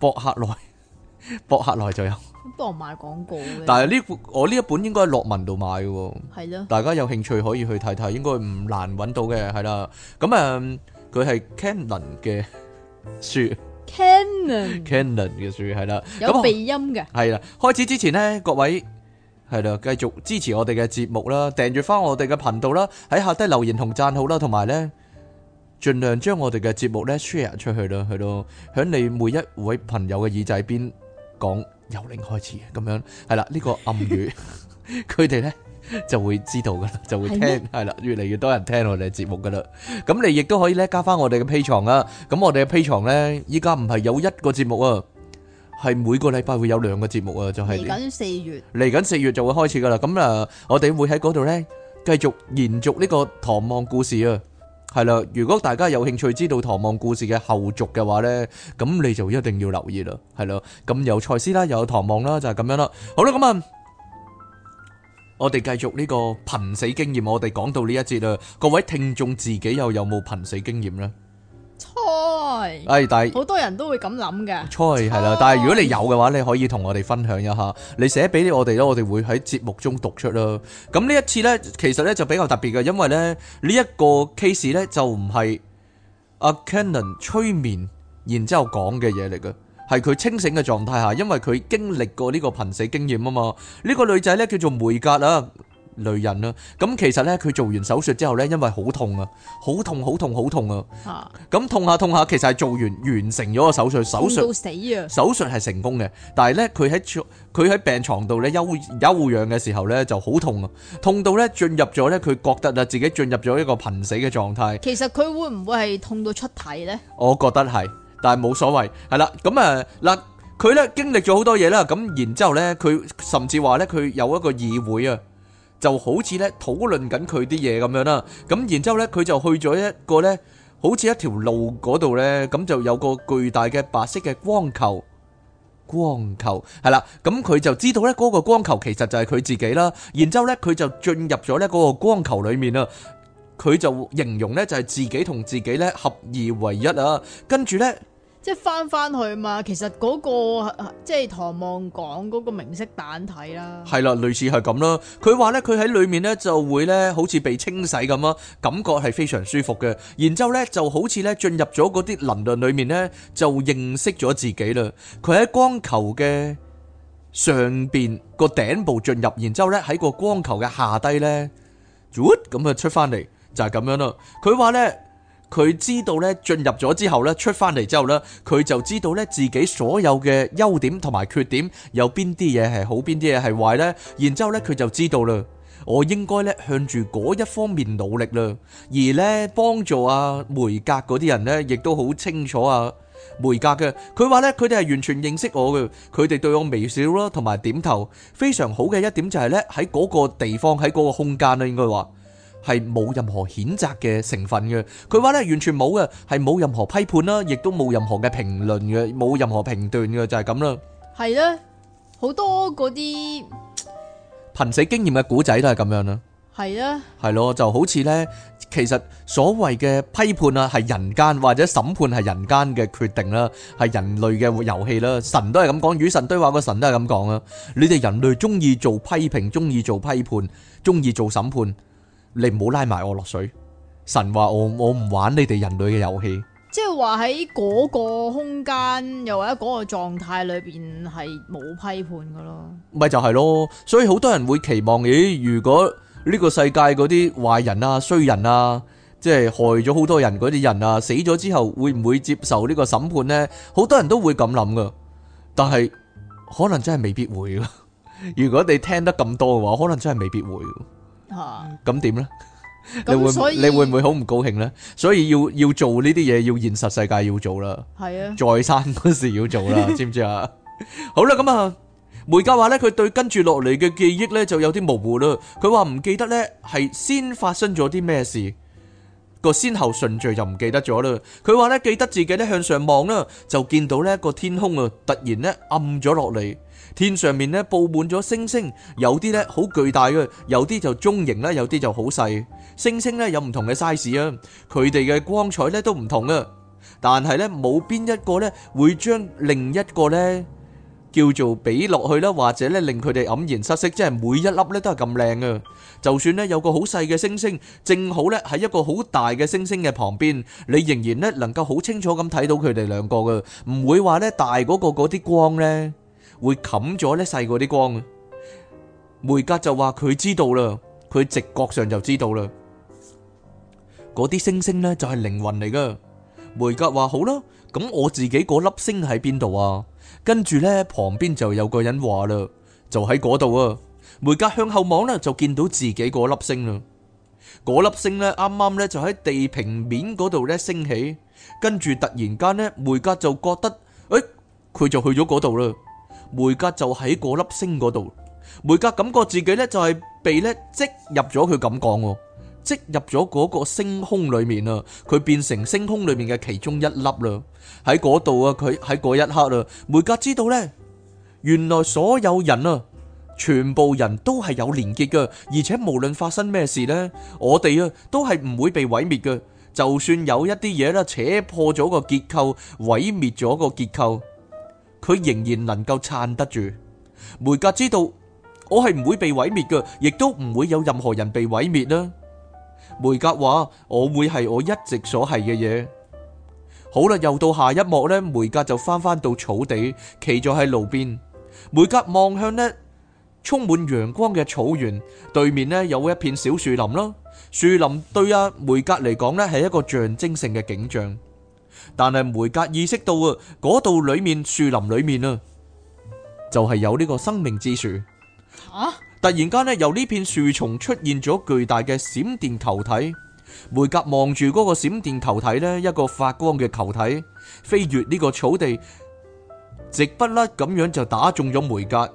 博客來，博客來就有。幫我賣廣告。但係呢本我呢一本應該喺樂文度買嘅喎。係咯。大家有興趣可以去睇睇，應該唔難揾到嘅，係啦。咁誒，佢、嗯、係 Cannon 嘅書。Canon，Canon 嘅 Canon 書係啦，有鼻音嘅係啦。開始之前呢，各位係啦，繼續支持我哋嘅節目啦，訂閱翻我哋嘅頻道啦，喺下低留言同讚好啦，同埋咧盡量將我哋嘅節目咧 share 出去咯，去咯，響你每一位朋友嘅耳仔邊講由零開始嘅咁樣係啦，呢個暗語佢哋咧。 <laughs> 就會知道噶啦，就會聽係啦，越嚟越多人聽我哋嘅節目噶啦。咁你亦都可以咧加翻我哋嘅 Patreon 啊。咁我哋嘅 Patreon 咧，依家唔係有一個節目啊，係每個禮拜會有兩個節目啊，就係嚟緊四月嚟緊四月就會開始噶啦。咁啊，我哋會喺嗰度咧繼續延續呢個唐望故事啊。係啦，如果大家有興趣知道唐望故事嘅後續嘅話咧，咁你就一定要留意啦。係咯，咁有賽斯啦，又有唐望啦，就係咁樣啦。好啦，咁啊。我哋繼續呢個瀕死經驗，我哋講到呢一節啦，各位聽眾自己又有冇瀕死經驗呢？猜，誒，但係好多人都會咁諗嘅。猜係啦，但係如果你有嘅話，你可以同我哋分享一下，你寫俾我哋咯，我哋會喺節目中讀出啦。咁呢一次呢，其實呢就比較特別嘅，因為咧呢一個 case 呢，就唔係阿 Kennan 催眠然，然之後講嘅嘢嚟嘅。係佢清醒嘅狀態下，因為佢經歷過呢個瀕死經驗啊嘛。呢個女仔呢叫做，梅格啊，女人啦。咁其實呢，佢做完手術之後呢，因為好痛啊，好痛好痛好痛啊。吓，咁痛下痛下，其實係做完完成咗個手術，手術死啊！手術係成功嘅，但係呢，佢喺床佢喺病床度呢休休養嘅時候呢就好痛啊，痛到呢進入咗呢，佢覺得啊自己進入咗一個瀕死嘅狀態。其實佢會唔會係痛到出體呢？我覺得係。但係冇所謂，係啦，咁啊嗱，佢咧經歷咗好多嘢啦，咁然之後咧，佢甚至話咧，佢有一個議會啊，就好似咧討論緊佢啲嘢咁樣啦，咁然之後咧，佢就去咗一個咧，好似一條路嗰度咧，咁就有個巨大嘅白色嘅光球，光球係啦，咁佢就知道咧嗰個光球其實就係佢自己啦，然之後咧佢就進入咗咧嗰個光球裏面啦，佢就形容咧就係自己同自己咧合二為一啊，跟住咧。即係翻翻去嘛，其實嗰個即係唐望講嗰個明色蛋體啦，係啦，類似係咁啦。佢話咧，佢喺裏面咧就會咧好似被清洗咁咯，感覺係非常舒服嘅。然之後咧就好似咧進入咗嗰啲林頓裏面咧就認識咗自己啦。佢喺光球嘅上邊個頂部進入，然之後咧喺個光球嘅下低咧，咁啊出翻嚟就係咁樣咯。佢話咧。佢知道咧，進入咗之後咧，出翻嚟之後咧，佢就知道咧自己所有嘅優點同埋缺點，有邊啲嘢係好，邊啲嘢係壞咧。然之後咧，佢就知道啦，我應該咧向住嗰一方面努力啦。而咧幫助阿梅格嗰啲人咧，亦都好清楚阿梅格嘅。佢話咧，佢哋係完全認識我嘅，佢哋對我微笑啦，同埋點頭。非常好嘅一點就係咧，喺嗰個地方，喺嗰個空間啦，應該話。係冇任何譴責嘅成分嘅，佢話咧，完全冇嘅，係冇任何批判啦，亦都冇任何嘅評論嘅，冇任何評斷嘅就係咁啦。係啦，好多嗰啲瀕死經驗嘅古仔都係咁樣啦。係啦，係咯就好似咧，其實所謂嘅批判啊，係人間或者審判係人間嘅決定啦，係人類嘅遊戲啦。神都係咁講，與神對話個神都係咁講啊！你哋人類中意做批評，中意做批判，中意做審判。你唔好拉埋我落水。神話我我唔玩你哋人類嘅遊戲。即係話喺嗰個空間，又或者嗰個狀態裏邊係冇批判噶咯。咪就係咯，所以好多人會期望，咦？如果呢個世界嗰啲壞人啊、衰人啊，即係害咗好多人嗰啲人啊，死咗之後會唔會接受呢個審判呢？好多人都會咁諗噶，但係可能真係未必會咯。如果你聽得咁多嘅話，可能真係未必會。吓咁點咧？你會以你會唔會好唔高興咧？所以要要做呢啲嘢，要現實世界要做啦。係啊的，在生嗰時要做啦， <laughs> 知唔知啊？好啦，咁啊，梅家話咧，佢對跟住落嚟嘅記憶咧就有啲模糊啦。佢話唔記得咧係先發生咗啲咩事。個先後順序就唔記得咗啦。佢話咧記得自己咧向上望啦，就見到咧個天空啊，突然咧暗咗落嚟。天上面咧布滿咗星星，有啲咧好巨大嘅，有啲就中型啦，有啲就好細。星星咧有唔同嘅 size 啊，佢哋嘅光彩咧都唔同啊。但係咧冇邊一個咧會將另一個咧，叫做比落去啦，或者咧令佢哋黯然失色，即係每一粒咧都係咁靚啊！就算咧有個好細嘅星星，正好咧喺一個好大嘅星星嘅旁邊，你仍然咧能夠好清楚咁睇到佢哋兩個噶，唔會話咧大嗰個嗰啲光咧會冚咗咧細嗰啲光啊！梅格就話佢知道啦，佢直覺上就知道啦，嗰啲星星咧就係靈魂嚟噶。梅格話好啦，咁我自己嗰粒星喺邊度啊？跟住呢，旁邊就有個人話啦，就喺嗰度啊！梅格向後望呢，就見到自己嗰粒星啦。嗰粒星呢，啱啱呢，就喺地平面嗰度呢升起。跟住突然間呢，梅格就覺得，誒、哎，佢就去咗嗰度啦。梅格就喺嗰粒星嗰度，梅格感覺自己呢，就係被呢即入咗佢咁講。即入咗嗰個星空裏面啊，佢變成星空裏面嘅其中一粒啦。喺嗰度啊，佢喺嗰一刻啊，梅格知道呢，原來所有人啊，全部人都係有連結嘅，而且無論發生咩事呢，我哋啊都係唔會被毀滅嘅。就算有一啲嘢咧扯破咗個結構，毀滅咗個結構，佢仍然能夠撐得住。梅格知道，我係唔會被毀滅嘅，亦都唔會有任何人被毀滅啦。梅格話：我會係我一直所係嘅嘢。好啦，又到下一幕呢，梅格就翻翻到草地，企咗喺路邊。梅格望向呢充滿陽光嘅草原，對面呢有一片小樹林囉。樹林對啊梅格嚟講呢係一個象徵性嘅景象，但係梅格意識到啊，嗰度裏面樹林裏面啊，就係有呢個生命之樹。啊！突然間咧，由呢片樹叢出現咗巨大嘅閃電球體。梅格望住嗰個閃電球體咧，一個發光嘅球體，飛越呢個草地，直不甩咁樣就打中咗梅格。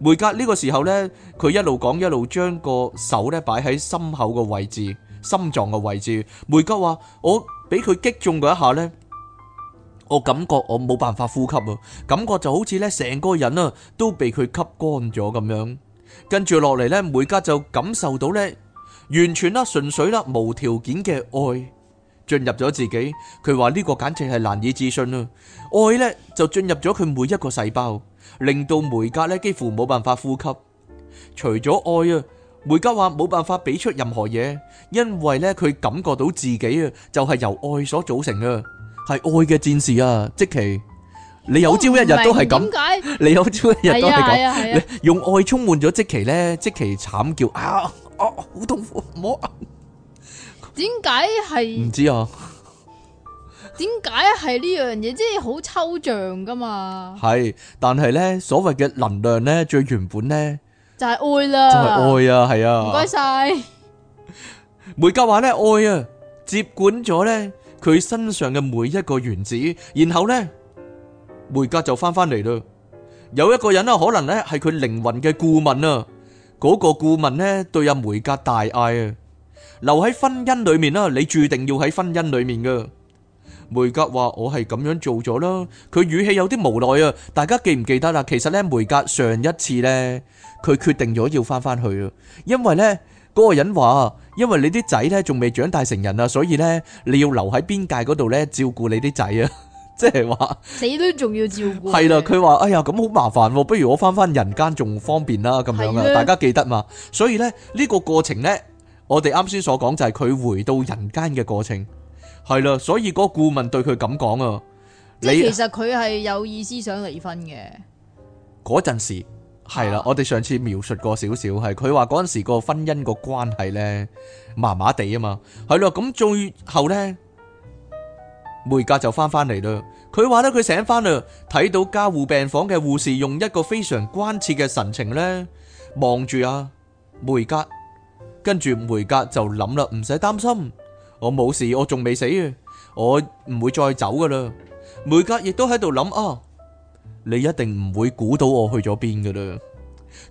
梅格呢個時候咧，佢一路講一路將個手咧擺喺心口嘅位置，心臟嘅位置。梅格話：我俾佢擊中嗰一下咧，我感覺我冇辦法呼吸啊，感覺就好似咧成個人啊都被佢吸乾咗咁樣。跟住落嚟呢，梅格就感受到呢，完全啦、純粹啦、無條件嘅愛進入咗自己。佢話呢個簡直係難以置信啊！愛呢就進入咗佢每一個細胞，令到梅格呢幾乎冇辦法呼吸。除咗愛啊，梅格話冇辦法俾出任何嘢，因為呢佢感覺到自己啊，就係由愛所組成啊，係愛嘅戰士啊，即其。你有朝一日都係咁，你有朝一日都係咁。用愛充滿咗即其咧，即其慘叫啊！哦，好痛苦，唔好。點解係？唔知啊？點解係呢樣嘢？即係好抽象噶嘛？係，但係咧，所謂嘅能量咧，最原本咧，就係愛啦，就係愛啊，係啊，唔該晒。梅格話咧，愛啊，接管咗咧佢身上嘅每一個原子，然後咧。梅格就翻翻嚟啦，有一個人呢，可能呢係佢靈魂嘅顧問啊，嗰個顧問呢對阿梅格大嗌啊，留喺婚姻裏面啦，你注定要喺婚姻裏面噶。梅格話：我係咁樣做咗啦，佢語氣有啲無奈啊。大家記唔記得啦？其實呢，梅格上一次呢，佢決定咗要翻翻去啊，因為呢嗰個人話：因為你啲仔呢仲未長大成人啊，所以呢你要留喺邊界嗰度呢照顧你啲仔啊。即係話，死都仲要照顧。係啦，佢話，哎呀，咁好麻煩，不如我翻翻人間仲方便啦，咁樣啊，的大家記得嘛。所以呢，呢、呢個過程呢，我哋啱先所講就係佢回到人間嘅過程，係啦。所以嗰個顧問對佢咁講啊，即是 你其實佢係有意思想離婚嘅嗰陣時，係啦。啊、我哋上次描述過少少，係佢話嗰陣時個婚姻個關係呢，麻麻地啊嘛，係咯。咁最後呢。梅格就翻翻嚟啦，佢話咧佢醒翻啦，睇到加護病房嘅護士用一個非常關切嘅神情咧望住阿梅格，跟住梅格就諗啦，唔使擔心，我冇事，我仲未死啊，我唔會再走噶啦。梅格亦都喺度諗啊，你一定唔會估到我去咗邊噶啦。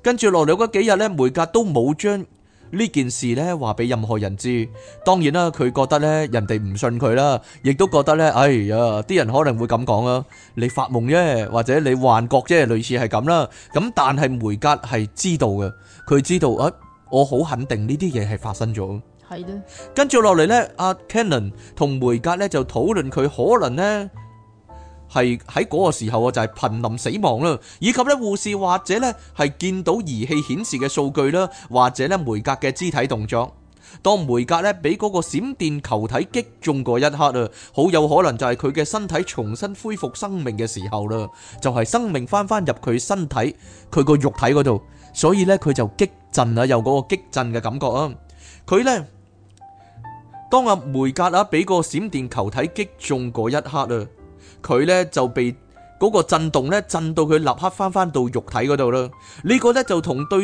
跟住落嚟嗰幾日咧，梅格都冇將。呢件事呢話俾任何人知，當然啦，佢覺得呢人哋唔信佢啦，亦都覺得呢，哎呀，啲人可能會咁講啊，你發夢啫，或者你幻覺啫，類似係咁啦。咁但係梅格係知道嘅，佢知道啊，我好肯定呢啲嘢係發生咗。係呢，跟住落嚟呢，阿 Cannon 同梅格呢就討論佢可能呢。係喺嗰個時候啊，就係瀕臨死亡啦，以及咧護士或者咧係見到儀器顯示嘅數據啦，或者咧梅格嘅肢體動作。當梅格咧俾嗰個閃電球體擊中嗰一刻啊，好有可能就係佢嘅身體重新恢復生命嘅時候啦，就係、是、生命返返入佢身體佢個肉體嗰度，所以呢，佢就激震啊，有嗰個激震嘅感覺啊。佢呢當阿梅格啊俾個閃電球體擊中嗰一刻啊。佢咧就被嗰個震動咧震到佢立刻返返到肉體嗰度啦。呢個咧就同對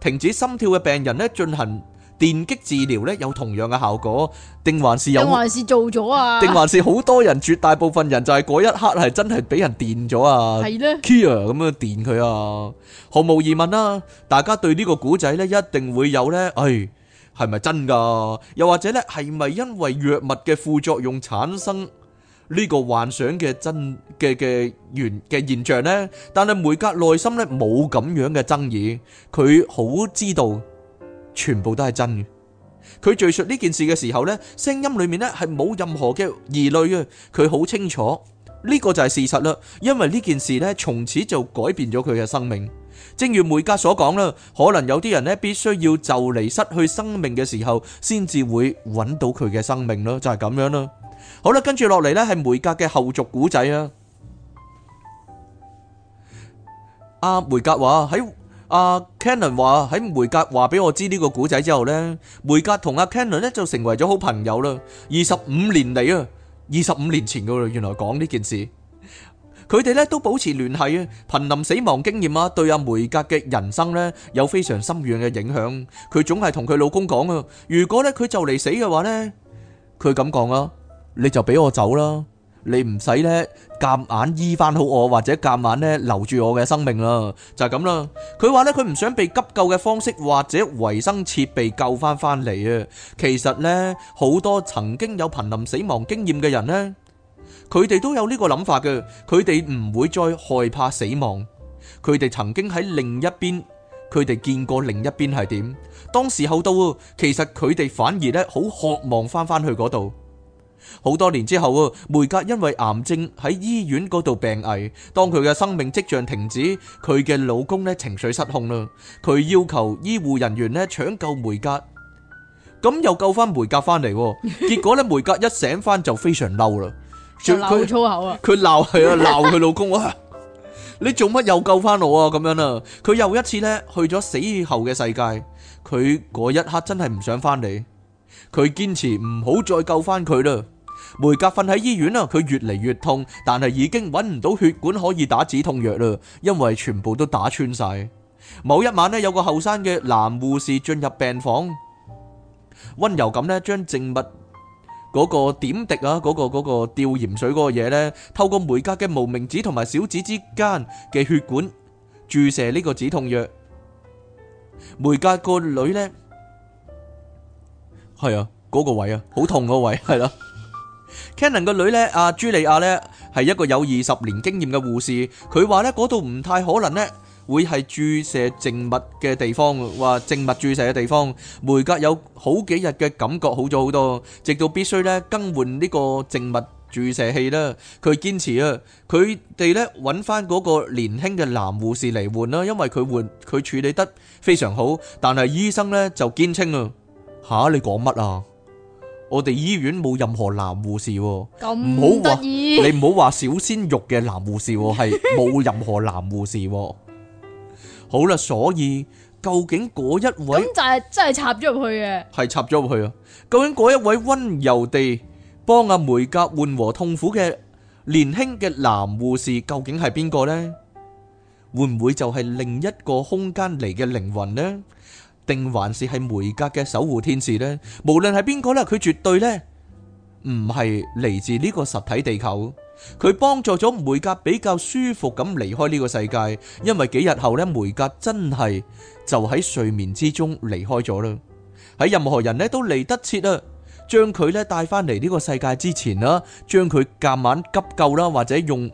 停止心跳嘅病人咧進行電擊治療咧有同樣嘅效果，定還是有？定還是做咗啊？定還是好多人，絕大部分人就係嗰一刻係真係俾人電咗啊！係咧，Kia 咁樣電佢啊！毫無疑問啦，大家對呢個古仔咧一定會有咧，哎，係咪真㗎？又或者咧係咪因為藥物嘅副作用產生？呢個幻想嘅真嘅嘅原嘅現象咧，但係梅格內心咧冇咁樣嘅爭議，佢好知道全部都係真嘅。佢敘述呢件事嘅時候咧，聲音裏面咧係冇任何嘅疑慮嘅，佢好清楚呢個就係事實啦。因為呢件事咧，從此就改變咗佢嘅生命。正如梅格所講啦，可能有啲人咧必須要就嚟失去生命嘅時候，先至會揾到佢嘅生命咯，就係咁樣啦。好啦，跟住落嚟呢，係梅格嘅後續古仔啊。阿梅格話喺阿 Cannon 話喺梅格話俾我知呢個古仔之後呢，梅格同阿 Cannon 呢就成為咗好朋友啦。二十五年嚟啊，二十五年前嘅原來講呢件事，佢哋呢都保持聯繫啊。瀕臨死亡經驗啊，對阿梅格嘅人生呢有非常深遠嘅影響。佢總係同佢老公講啊，如果呢佢就嚟死嘅話呢，佢咁講啊。你就俾我走啦，你唔使咧夾硬醫翻好我，或者夾硬咧留住我嘅生命啦，就係咁啦。佢話咧佢唔想被急救嘅方式或者衛生設備救翻翻嚟啊。其實咧好多曾經有瀕臨死亡經驗嘅人咧，佢哋都有呢個諗法嘅，佢哋唔會再害怕死亡。佢哋曾經喺另一邊，佢哋見過另一邊係點，當時候到，其實佢哋反而咧好渴望翻翻去嗰度。好多年之後，梅格因為癌症喺醫院嗰度病危。當佢嘅生命跡象停止，佢嘅老公咧情緒失控啦。佢要求醫護人員咧搶救梅格，咁又救翻梅格翻嚟。結果咧梅格一醒翻就非常嬲啦，佢粗口啊，佢鬧係啊鬧佢老公啊，你做乜又救翻我啊？咁樣啊，佢又一次咧去咗死後嘅世界。佢嗰一刻真係唔想翻嚟。佢堅持唔好再救翻佢啦。梅格瞓喺醫院啦，佢越嚟越痛，但係已經揾唔到血管可以打止痛藥啦，因為全部都打穿晒。某一晚咧，有個後生嘅男護士進入病房，溫柔咁咧將靜物嗰個點滴啊，嗰個嗰個吊鹽水嗰個嘢咧，透過梅格嘅無名指同埋小指之間嘅血管注射呢個止痛藥。梅格個女咧。係啊，嗰個位啊，好痛嗰位，係啦。Cannon 個女咧，阿茱莉亞咧，係一個有二十年經驗嘅護士。佢話咧，嗰度唔太可能咧，會係注射靜脈嘅地方。話靜脈注射嘅地方，梅格有好幾日嘅感覺好咗好多，直到必須咧更換呢個靜脈注射器啦。佢堅持啊，佢哋咧揾翻嗰個年輕嘅男護士嚟換啦，因為佢換佢處理得非常好。但係醫生咧就堅稱啊。吓，你講乜啊？我哋醫院冇任何男護士，唔好話你，唔好話小鮮肉嘅男護士，係冇任何男護士。好啦，所以究竟嗰一位咁就係真係插咗入去嘅，係插咗入去啊！究竟嗰一位溫柔地幫阿梅格緩和痛苦嘅年輕嘅男護士，究竟係邊個呢？會唔會就係另一個空間嚟嘅靈魂呢？定還是係梅格嘅守護天使呢？無論係邊個呢，佢絕對呢唔係嚟自呢個實體地球。佢幫助咗梅格比較舒服咁離開呢個世界，因為幾日後呢梅格真係就喺睡眠之中離開咗啦。喺任何人呢都嚟得切啊，將佢呢帶翻嚟呢個世界之前啦，將佢夾晚急救啦或者用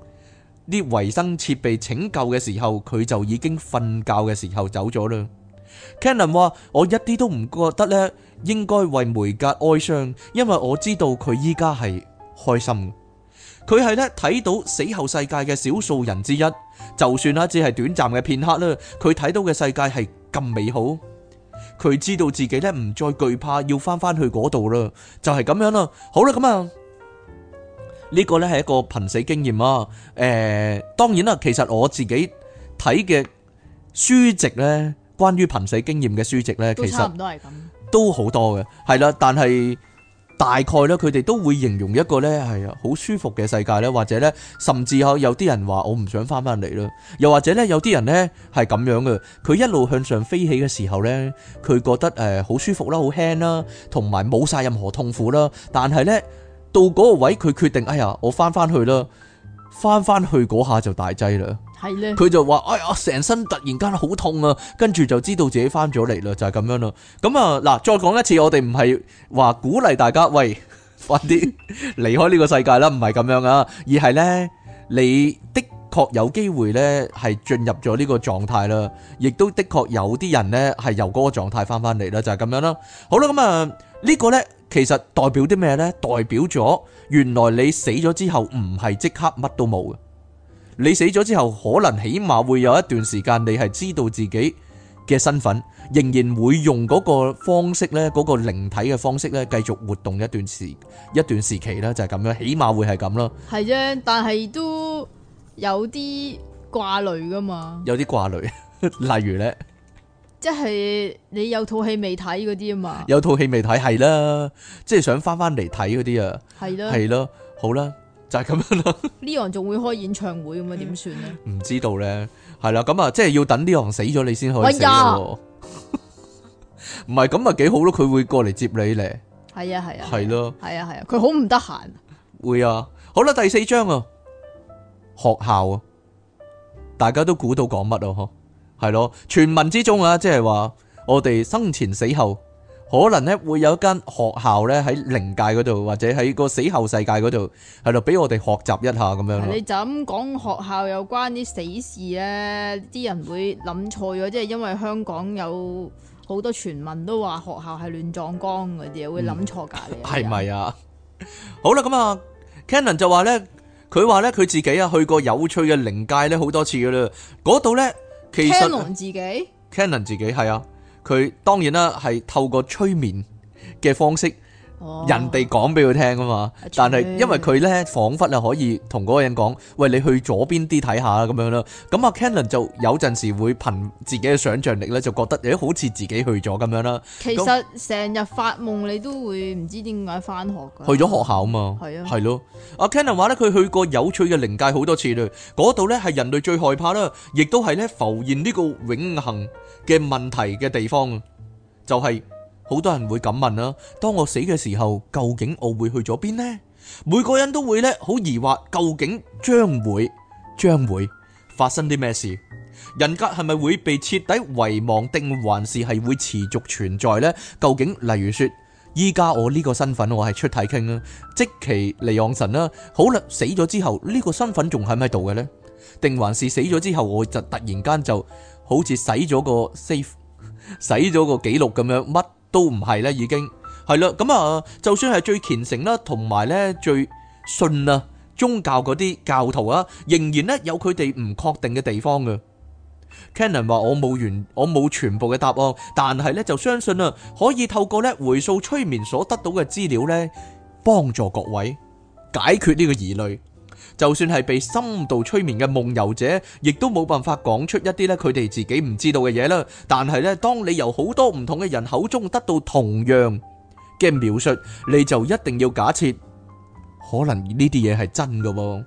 啲維生設備拯救嘅時候，佢就已經瞓覺嘅時候走咗啦。Kennen 話：我一啲都唔覺得咧，應該為梅格哀傷，因為我知道佢依家係開心。佢係咧睇到死後世界嘅少數人之一，就算啦、啊，只係短暫嘅片刻啦。佢睇到嘅世界係咁美好，佢知道自己咧唔再懼怕要翻翻去嗰度啦。就係、是、咁樣啦。好啦，咁啊，呢個咧係一個瀕死經驗啊。誒、呃，當然啦，其實我自己睇嘅書籍咧。關於瀕死經驗嘅書籍咧，其實都好多嘅，係啦。但係大概咧，佢哋都會形容一個咧，係啊，好舒服嘅世界咧，或者咧，甚至嗬，有啲人話我唔想翻翻嚟咯。又或者咧，有啲人咧係咁樣嘅，佢一路向上飛起嘅時候咧，佢覺得誒好舒服啦，好輕啦，同埋冇晒任何痛苦啦。但係咧，到嗰個位，佢決定，哎呀，我翻翻去啦，翻翻去嗰下就大劑啦。佢就話：哎呀，成身突然間好痛啊！跟住就知道自己翻咗嚟啦，就係咁樣啦。咁啊，嗱，再講一次，我哋唔係話鼓勵大家喂，快啲離開呢個世界啦，唔係咁樣啊，而係呢，你的確有機會呢係進入咗呢個狀態啦，亦都的確有啲人呢係由嗰個狀態翻翻嚟啦，就係咁樣啦。好啦，咁啊，呢個呢其實代表啲咩呢？代表咗原來你死咗之後唔係即刻乜都冇嘅。你死咗之後，可能起碼會有一段時間，你係知道自己嘅身份，仍然會用嗰個方式呢，嗰個靈體嘅方式呢，繼續活動一段時一段時期啦，就係咁樣，起碼會係咁咯。係啫，但係都有啲掛慮噶嘛，有啲掛慮，例如呢，即係你有套戲未睇嗰啲啊嘛，有套戲未睇係啦，即係想翻翻嚟睇嗰啲啊，係咯，係咯，好啦。就係咁樣咯，呢行仲會開演唱會咁啊？點算呢。唔 <laughs> 知道咧，係啦，咁啊，即係要等呢行死咗你先可以死咯。唔係咁啊，幾好咯，佢、哎、呀 <laughs> 會過嚟接你咧。係啊係啊，係咯，係啊係啊，佢好唔得閒。會啊，好啦，第四章啊，學校啊，大家都估到講乜咯，嗬？係咯，傳聞之中啊，即係話我哋生前死後。可能咧會有一間學校咧喺靈界嗰度，或者喺個死後世界嗰度，係度俾我哋學習一下咁、嗯、樣你就咁講學校有關啲死事咧，啲人會諗錯咗，即係因為香港有好多傳聞都話學校係亂葬崗嗰啲，會諗錯架嘅。係咪、嗯、啊？ <laughs> 好啦，咁啊，Cannon 就話咧，佢話咧佢自己啊去過有趣嘅靈界咧好多次噶啦，嗰度咧其實 Cannon 自己，Cannon 自己係啊。佢當然啦，係透過催眠嘅方式。人哋講俾佢聽啊嘛，但係因為佢咧，彷彿係可以同嗰個人講，喂，你去咗邊啲睇下啦，咁樣啦。咁阿 Kenan 就有陣時會憑自己嘅想像力咧，就覺得有啲好似自己去咗咁樣啦。其實成日發夢你都會唔知點解返學嘅。去咗學校啊嘛，係啊，係咯。阿 Kenan 話咧，佢去過有趣嘅靈界好多次啦，嗰度咧係人類最害怕啦，亦都係咧浮現呢個永恆嘅問題嘅地方啊，就係。好多人會咁問啦，當我死嘅時候，究竟我會去咗邊呢？每個人都會咧，好疑惑究竟將會將會發生啲咩事？人格係咪會被徹底遺忘，定還是係會持續存在呢？究竟，例如說，依家我呢個身份，我係出太傾啦，即其利養神啦，好啦，死咗之後呢、這個身份仲喺咪度嘅呢？定還是死咗之後我就突然間就好似洗咗個 save、洗咗個記錄咁樣乜。都唔係咧，已經係啦。咁啊、嗯，就算係最虔誠啦，同埋咧最信啊宗教嗰啲教徒啊，仍然咧有佢哋唔確定嘅地方嘅。Canon 話：我冇完，我冇全部嘅答案，但係咧就相信啊，可以透過咧回溯催眠所得到嘅資料咧，幫助各位解決呢個疑慮。就算係被深度催眠嘅夢遊者，亦都冇辦法講出一啲咧佢哋自己唔知道嘅嘢啦。但係咧，當你由好多唔同嘅人口中得到同樣嘅描述，你就一定要假設可能呢啲嘢係真嘅，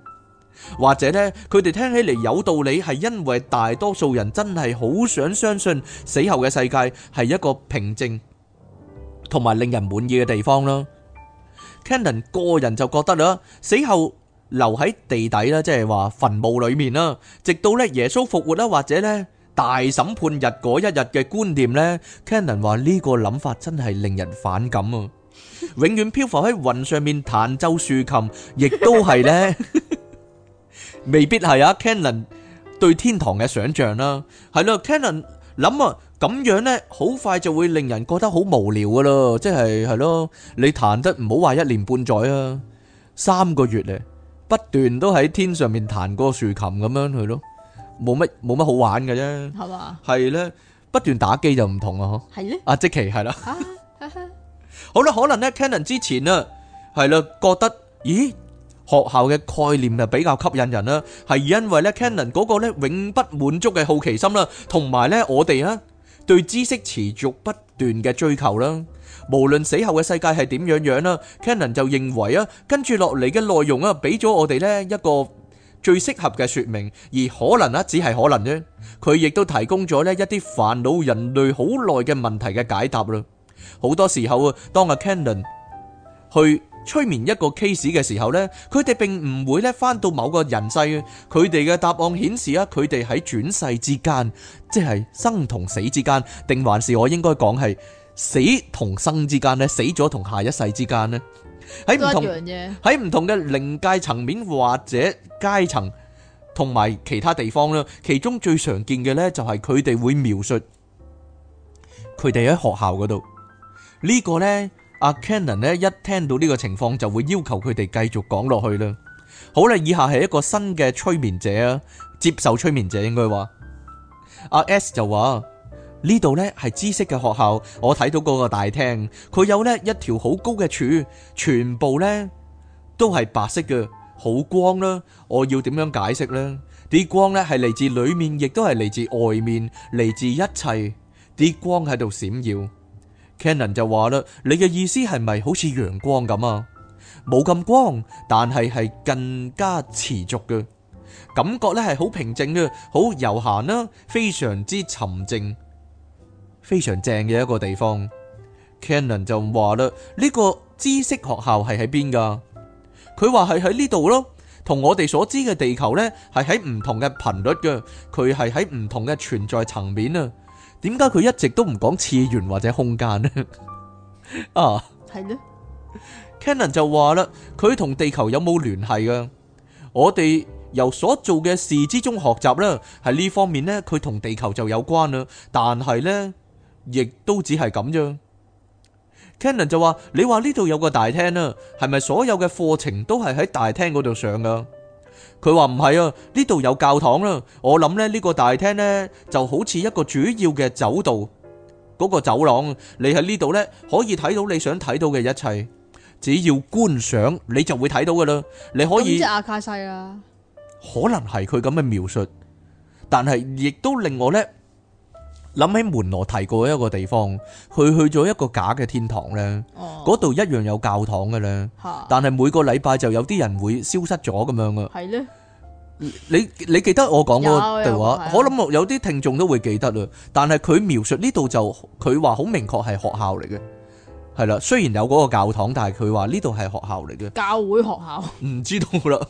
或者呢佢哋聽起嚟有道理，係因為大多數人真係好想相信死後嘅世界係一個平靜同埋令人滿意嘅地方囉。Cannon 個人就覺得啦，死後。留喺地底咧，即係話墳墓裡面啦，直到咧耶穌復活啦，或者咧大審判日嗰一日嘅觀念咧，Cannon 話呢個諗法真係令人反感啊！永遠漂浮喺雲上面彈奏豎琴，亦都係咧，未必係啊！Cannon 對天堂嘅想像啦，係咯，Cannon 諗啊，咁樣咧好快就會令人覺得好無聊噶咯，即係係咯，你彈得唔好話一年半載啊，三個月咧～不斷都喺天上面彈過豎琴咁樣去咯，冇乜冇乜好玩嘅啫，係嘛？係咧，不斷打機就唔同啊！嗬，係咧，阿即琪係啦。好啦，可能咧，Cannon 之前啊，係啦，覺得咦學校嘅概念就比較吸引人啦，係因為咧，Cannon 嗰個咧永不滿足嘅好奇心啦，同埋咧我哋啊對知識持續不斷嘅追求啦。，無論死後嘅世界係點樣樣啦，Cannon 就認為啊，跟住落嚟嘅內容啊，俾咗我哋咧一個最適合嘅説明，而可能啊，只係可能啫。佢亦都提供咗咧一啲煩惱人類好耐嘅問題嘅解答啦。好多時候啊，當阿 Cannon 去催眠一個死同生之間咧，死咗同下一世之間咧，喺唔同喺唔同嘅靈界層面或者階層，同埋其他地方啦。其中最常見嘅呢，就係佢哋會描述佢哋喺學校嗰度呢個呢，阿 Cannon 咧一聽到呢個情況，就會要求佢哋繼續講落去啦。好啦，以下係一個新嘅催眠者啊，接受催眠者應該話阿 S 就話。呢度呢係知識嘅學校，我睇到嗰個大廳，佢有呢一條好高嘅柱，全部呢都係白色嘅，好光啦。我要點樣解釋呢？啲光呢係嚟自裏面，亦都係嚟自外面，嚟自一切。啲光喺度閃耀。Cannon 就話啦，你嘅意思係咪好似陽光咁啊？冇咁光，但係係更加持續嘅感覺。呢係好平靜嘅，好悠閒啦，非常之沉靜。非常正嘅一個地方，Cannon 就話啦，呢個知識學校係喺邊噶？佢話係喺呢度咯，同我哋所知嘅地球呢，係喺唔同嘅頻率嘅，佢係喺唔同嘅存在層面啊？點解佢一直都唔講次元或者空間呢？ <laughs> 啊，係呢，Cannon 就話啦，佢同地球有冇聯繫啊？我哋由所做嘅事之中學習啦，喺呢方面呢，佢同地球就有關啦，但係呢。亦都只係咁啫。Cannon 就話：你話呢度有個大廳啦，係咪所有嘅課程都係喺大廳嗰度上噶？佢話唔係啊，呢度有教堂啦。我諗咧，呢個大廳咧就好似一個主要嘅走道，嗰個走廊，你喺呢度咧可以睇到你想睇到嘅一切，只要觀賞你就會睇到噶啦。你可以。咁即係阿卡西啊？可能係佢咁嘅描述，但係亦都令我咧。諗起門羅提過一個地方，佢去咗一個假嘅天堂咧，嗰度一樣有教堂嘅咧，但係每個禮拜就有啲人會消失咗咁樣噶。係咧，你你記得我講嗰個對話？我諗有啲聽眾都會記得啦。但係佢描述呢度就佢話好明確係學校嚟嘅，係啦。雖然有嗰個教堂，但係佢話呢度係學校嚟嘅教會學校，唔知道啦。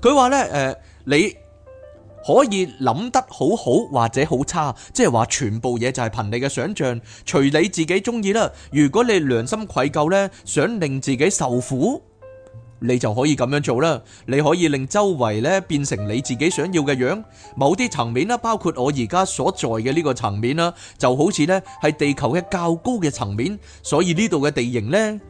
佢話咧，誒，你。可以諗得好好或者好差，即係話全部嘢就係憑你嘅想象，隨你自己中意啦。如果你良心愧疚呢，想令自己受苦，你就可以咁樣做啦。你可以令周圍呢變成你自己想要嘅樣。某啲層面啦，包括我而家所在嘅呢個層面啦，就好似呢係地球嘅較高嘅層面，所以呢度嘅地形呢，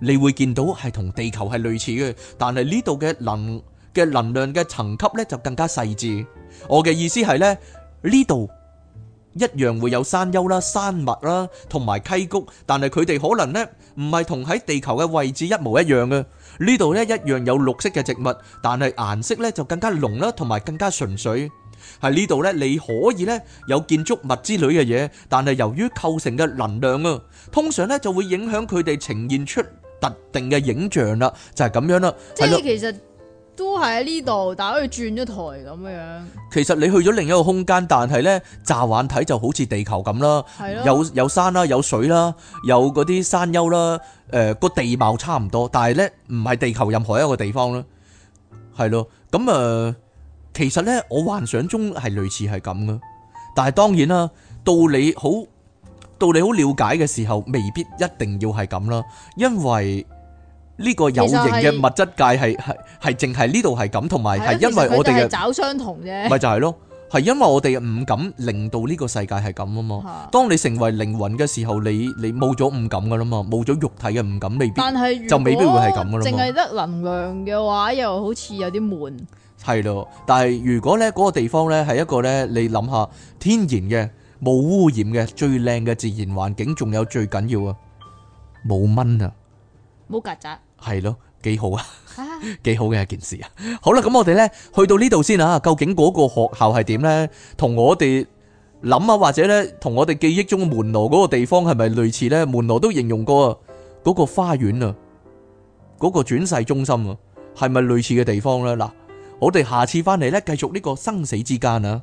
你會見到係同地球係類似嘅，但係呢度嘅能。嘅能量嘅層級咧就更加細緻。我嘅意思係咧，呢度一樣會有山丘啦、山脈啦，同埋溪谷，但係佢哋可能咧唔係同喺地球嘅位置一模一樣嘅。呢度咧一樣有綠色嘅植物，但係顏色咧就更加濃啦，同埋更加純粹。喺呢度咧，你可以咧有建築物之類嘅嘢，但係由於構成嘅能量啊，通常咧就會影響佢哋呈現出特定嘅影像啦。就係咁樣啦，係咯。都係喺呢度，但係可以轉咗台咁樣。其實你去咗另一個空間，但係呢，乍眼睇就好似地球咁啦的，有有山啦，有水啦，有嗰啲山丘啦，誒、呃、個地貌差唔多，但係呢，唔係地球任何一個地方啦，係咯。咁、嗯、啊、呃，其實呢，我幻想中係類似係咁噶，但係當然啦，到你好到你好了解嘅時候，未必一定要係咁啦，因為。呢個有形嘅物質界係係係淨係呢度係咁，同埋係因為我哋嘅找相同啫。咪就係咯，係因為我哋嘅五感令到呢個世界係咁啊嘛。當你成為靈魂嘅時候，你你冇咗五感噶啦嘛，冇咗肉體嘅五感未必就未必會係咁噶咯。淨係得能量嘅話，又好似有啲悶。係咯，但係如果咧嗰個地方咧係一個咧，你諗下天然嘅冇污染嘅最靚嘅自然環境，仲有最緊要啊冇蚊啊，冇曱甴。係咯，幾好啊，幾好嘅一件事啊。好啦，咁我哋呢去到呢度先啊。究竟嗰個學校係點呢？同我哋諗啊，或者呢同我哋記憶中嘅門羅嗰個地方係咪類似呢？門羅都形容過嗰個花園啊，嗰個轉世中心啊，係咪類似嘅地方呢？嗱，我哋下次翻嚟呢，繼續呢個生死之間啊。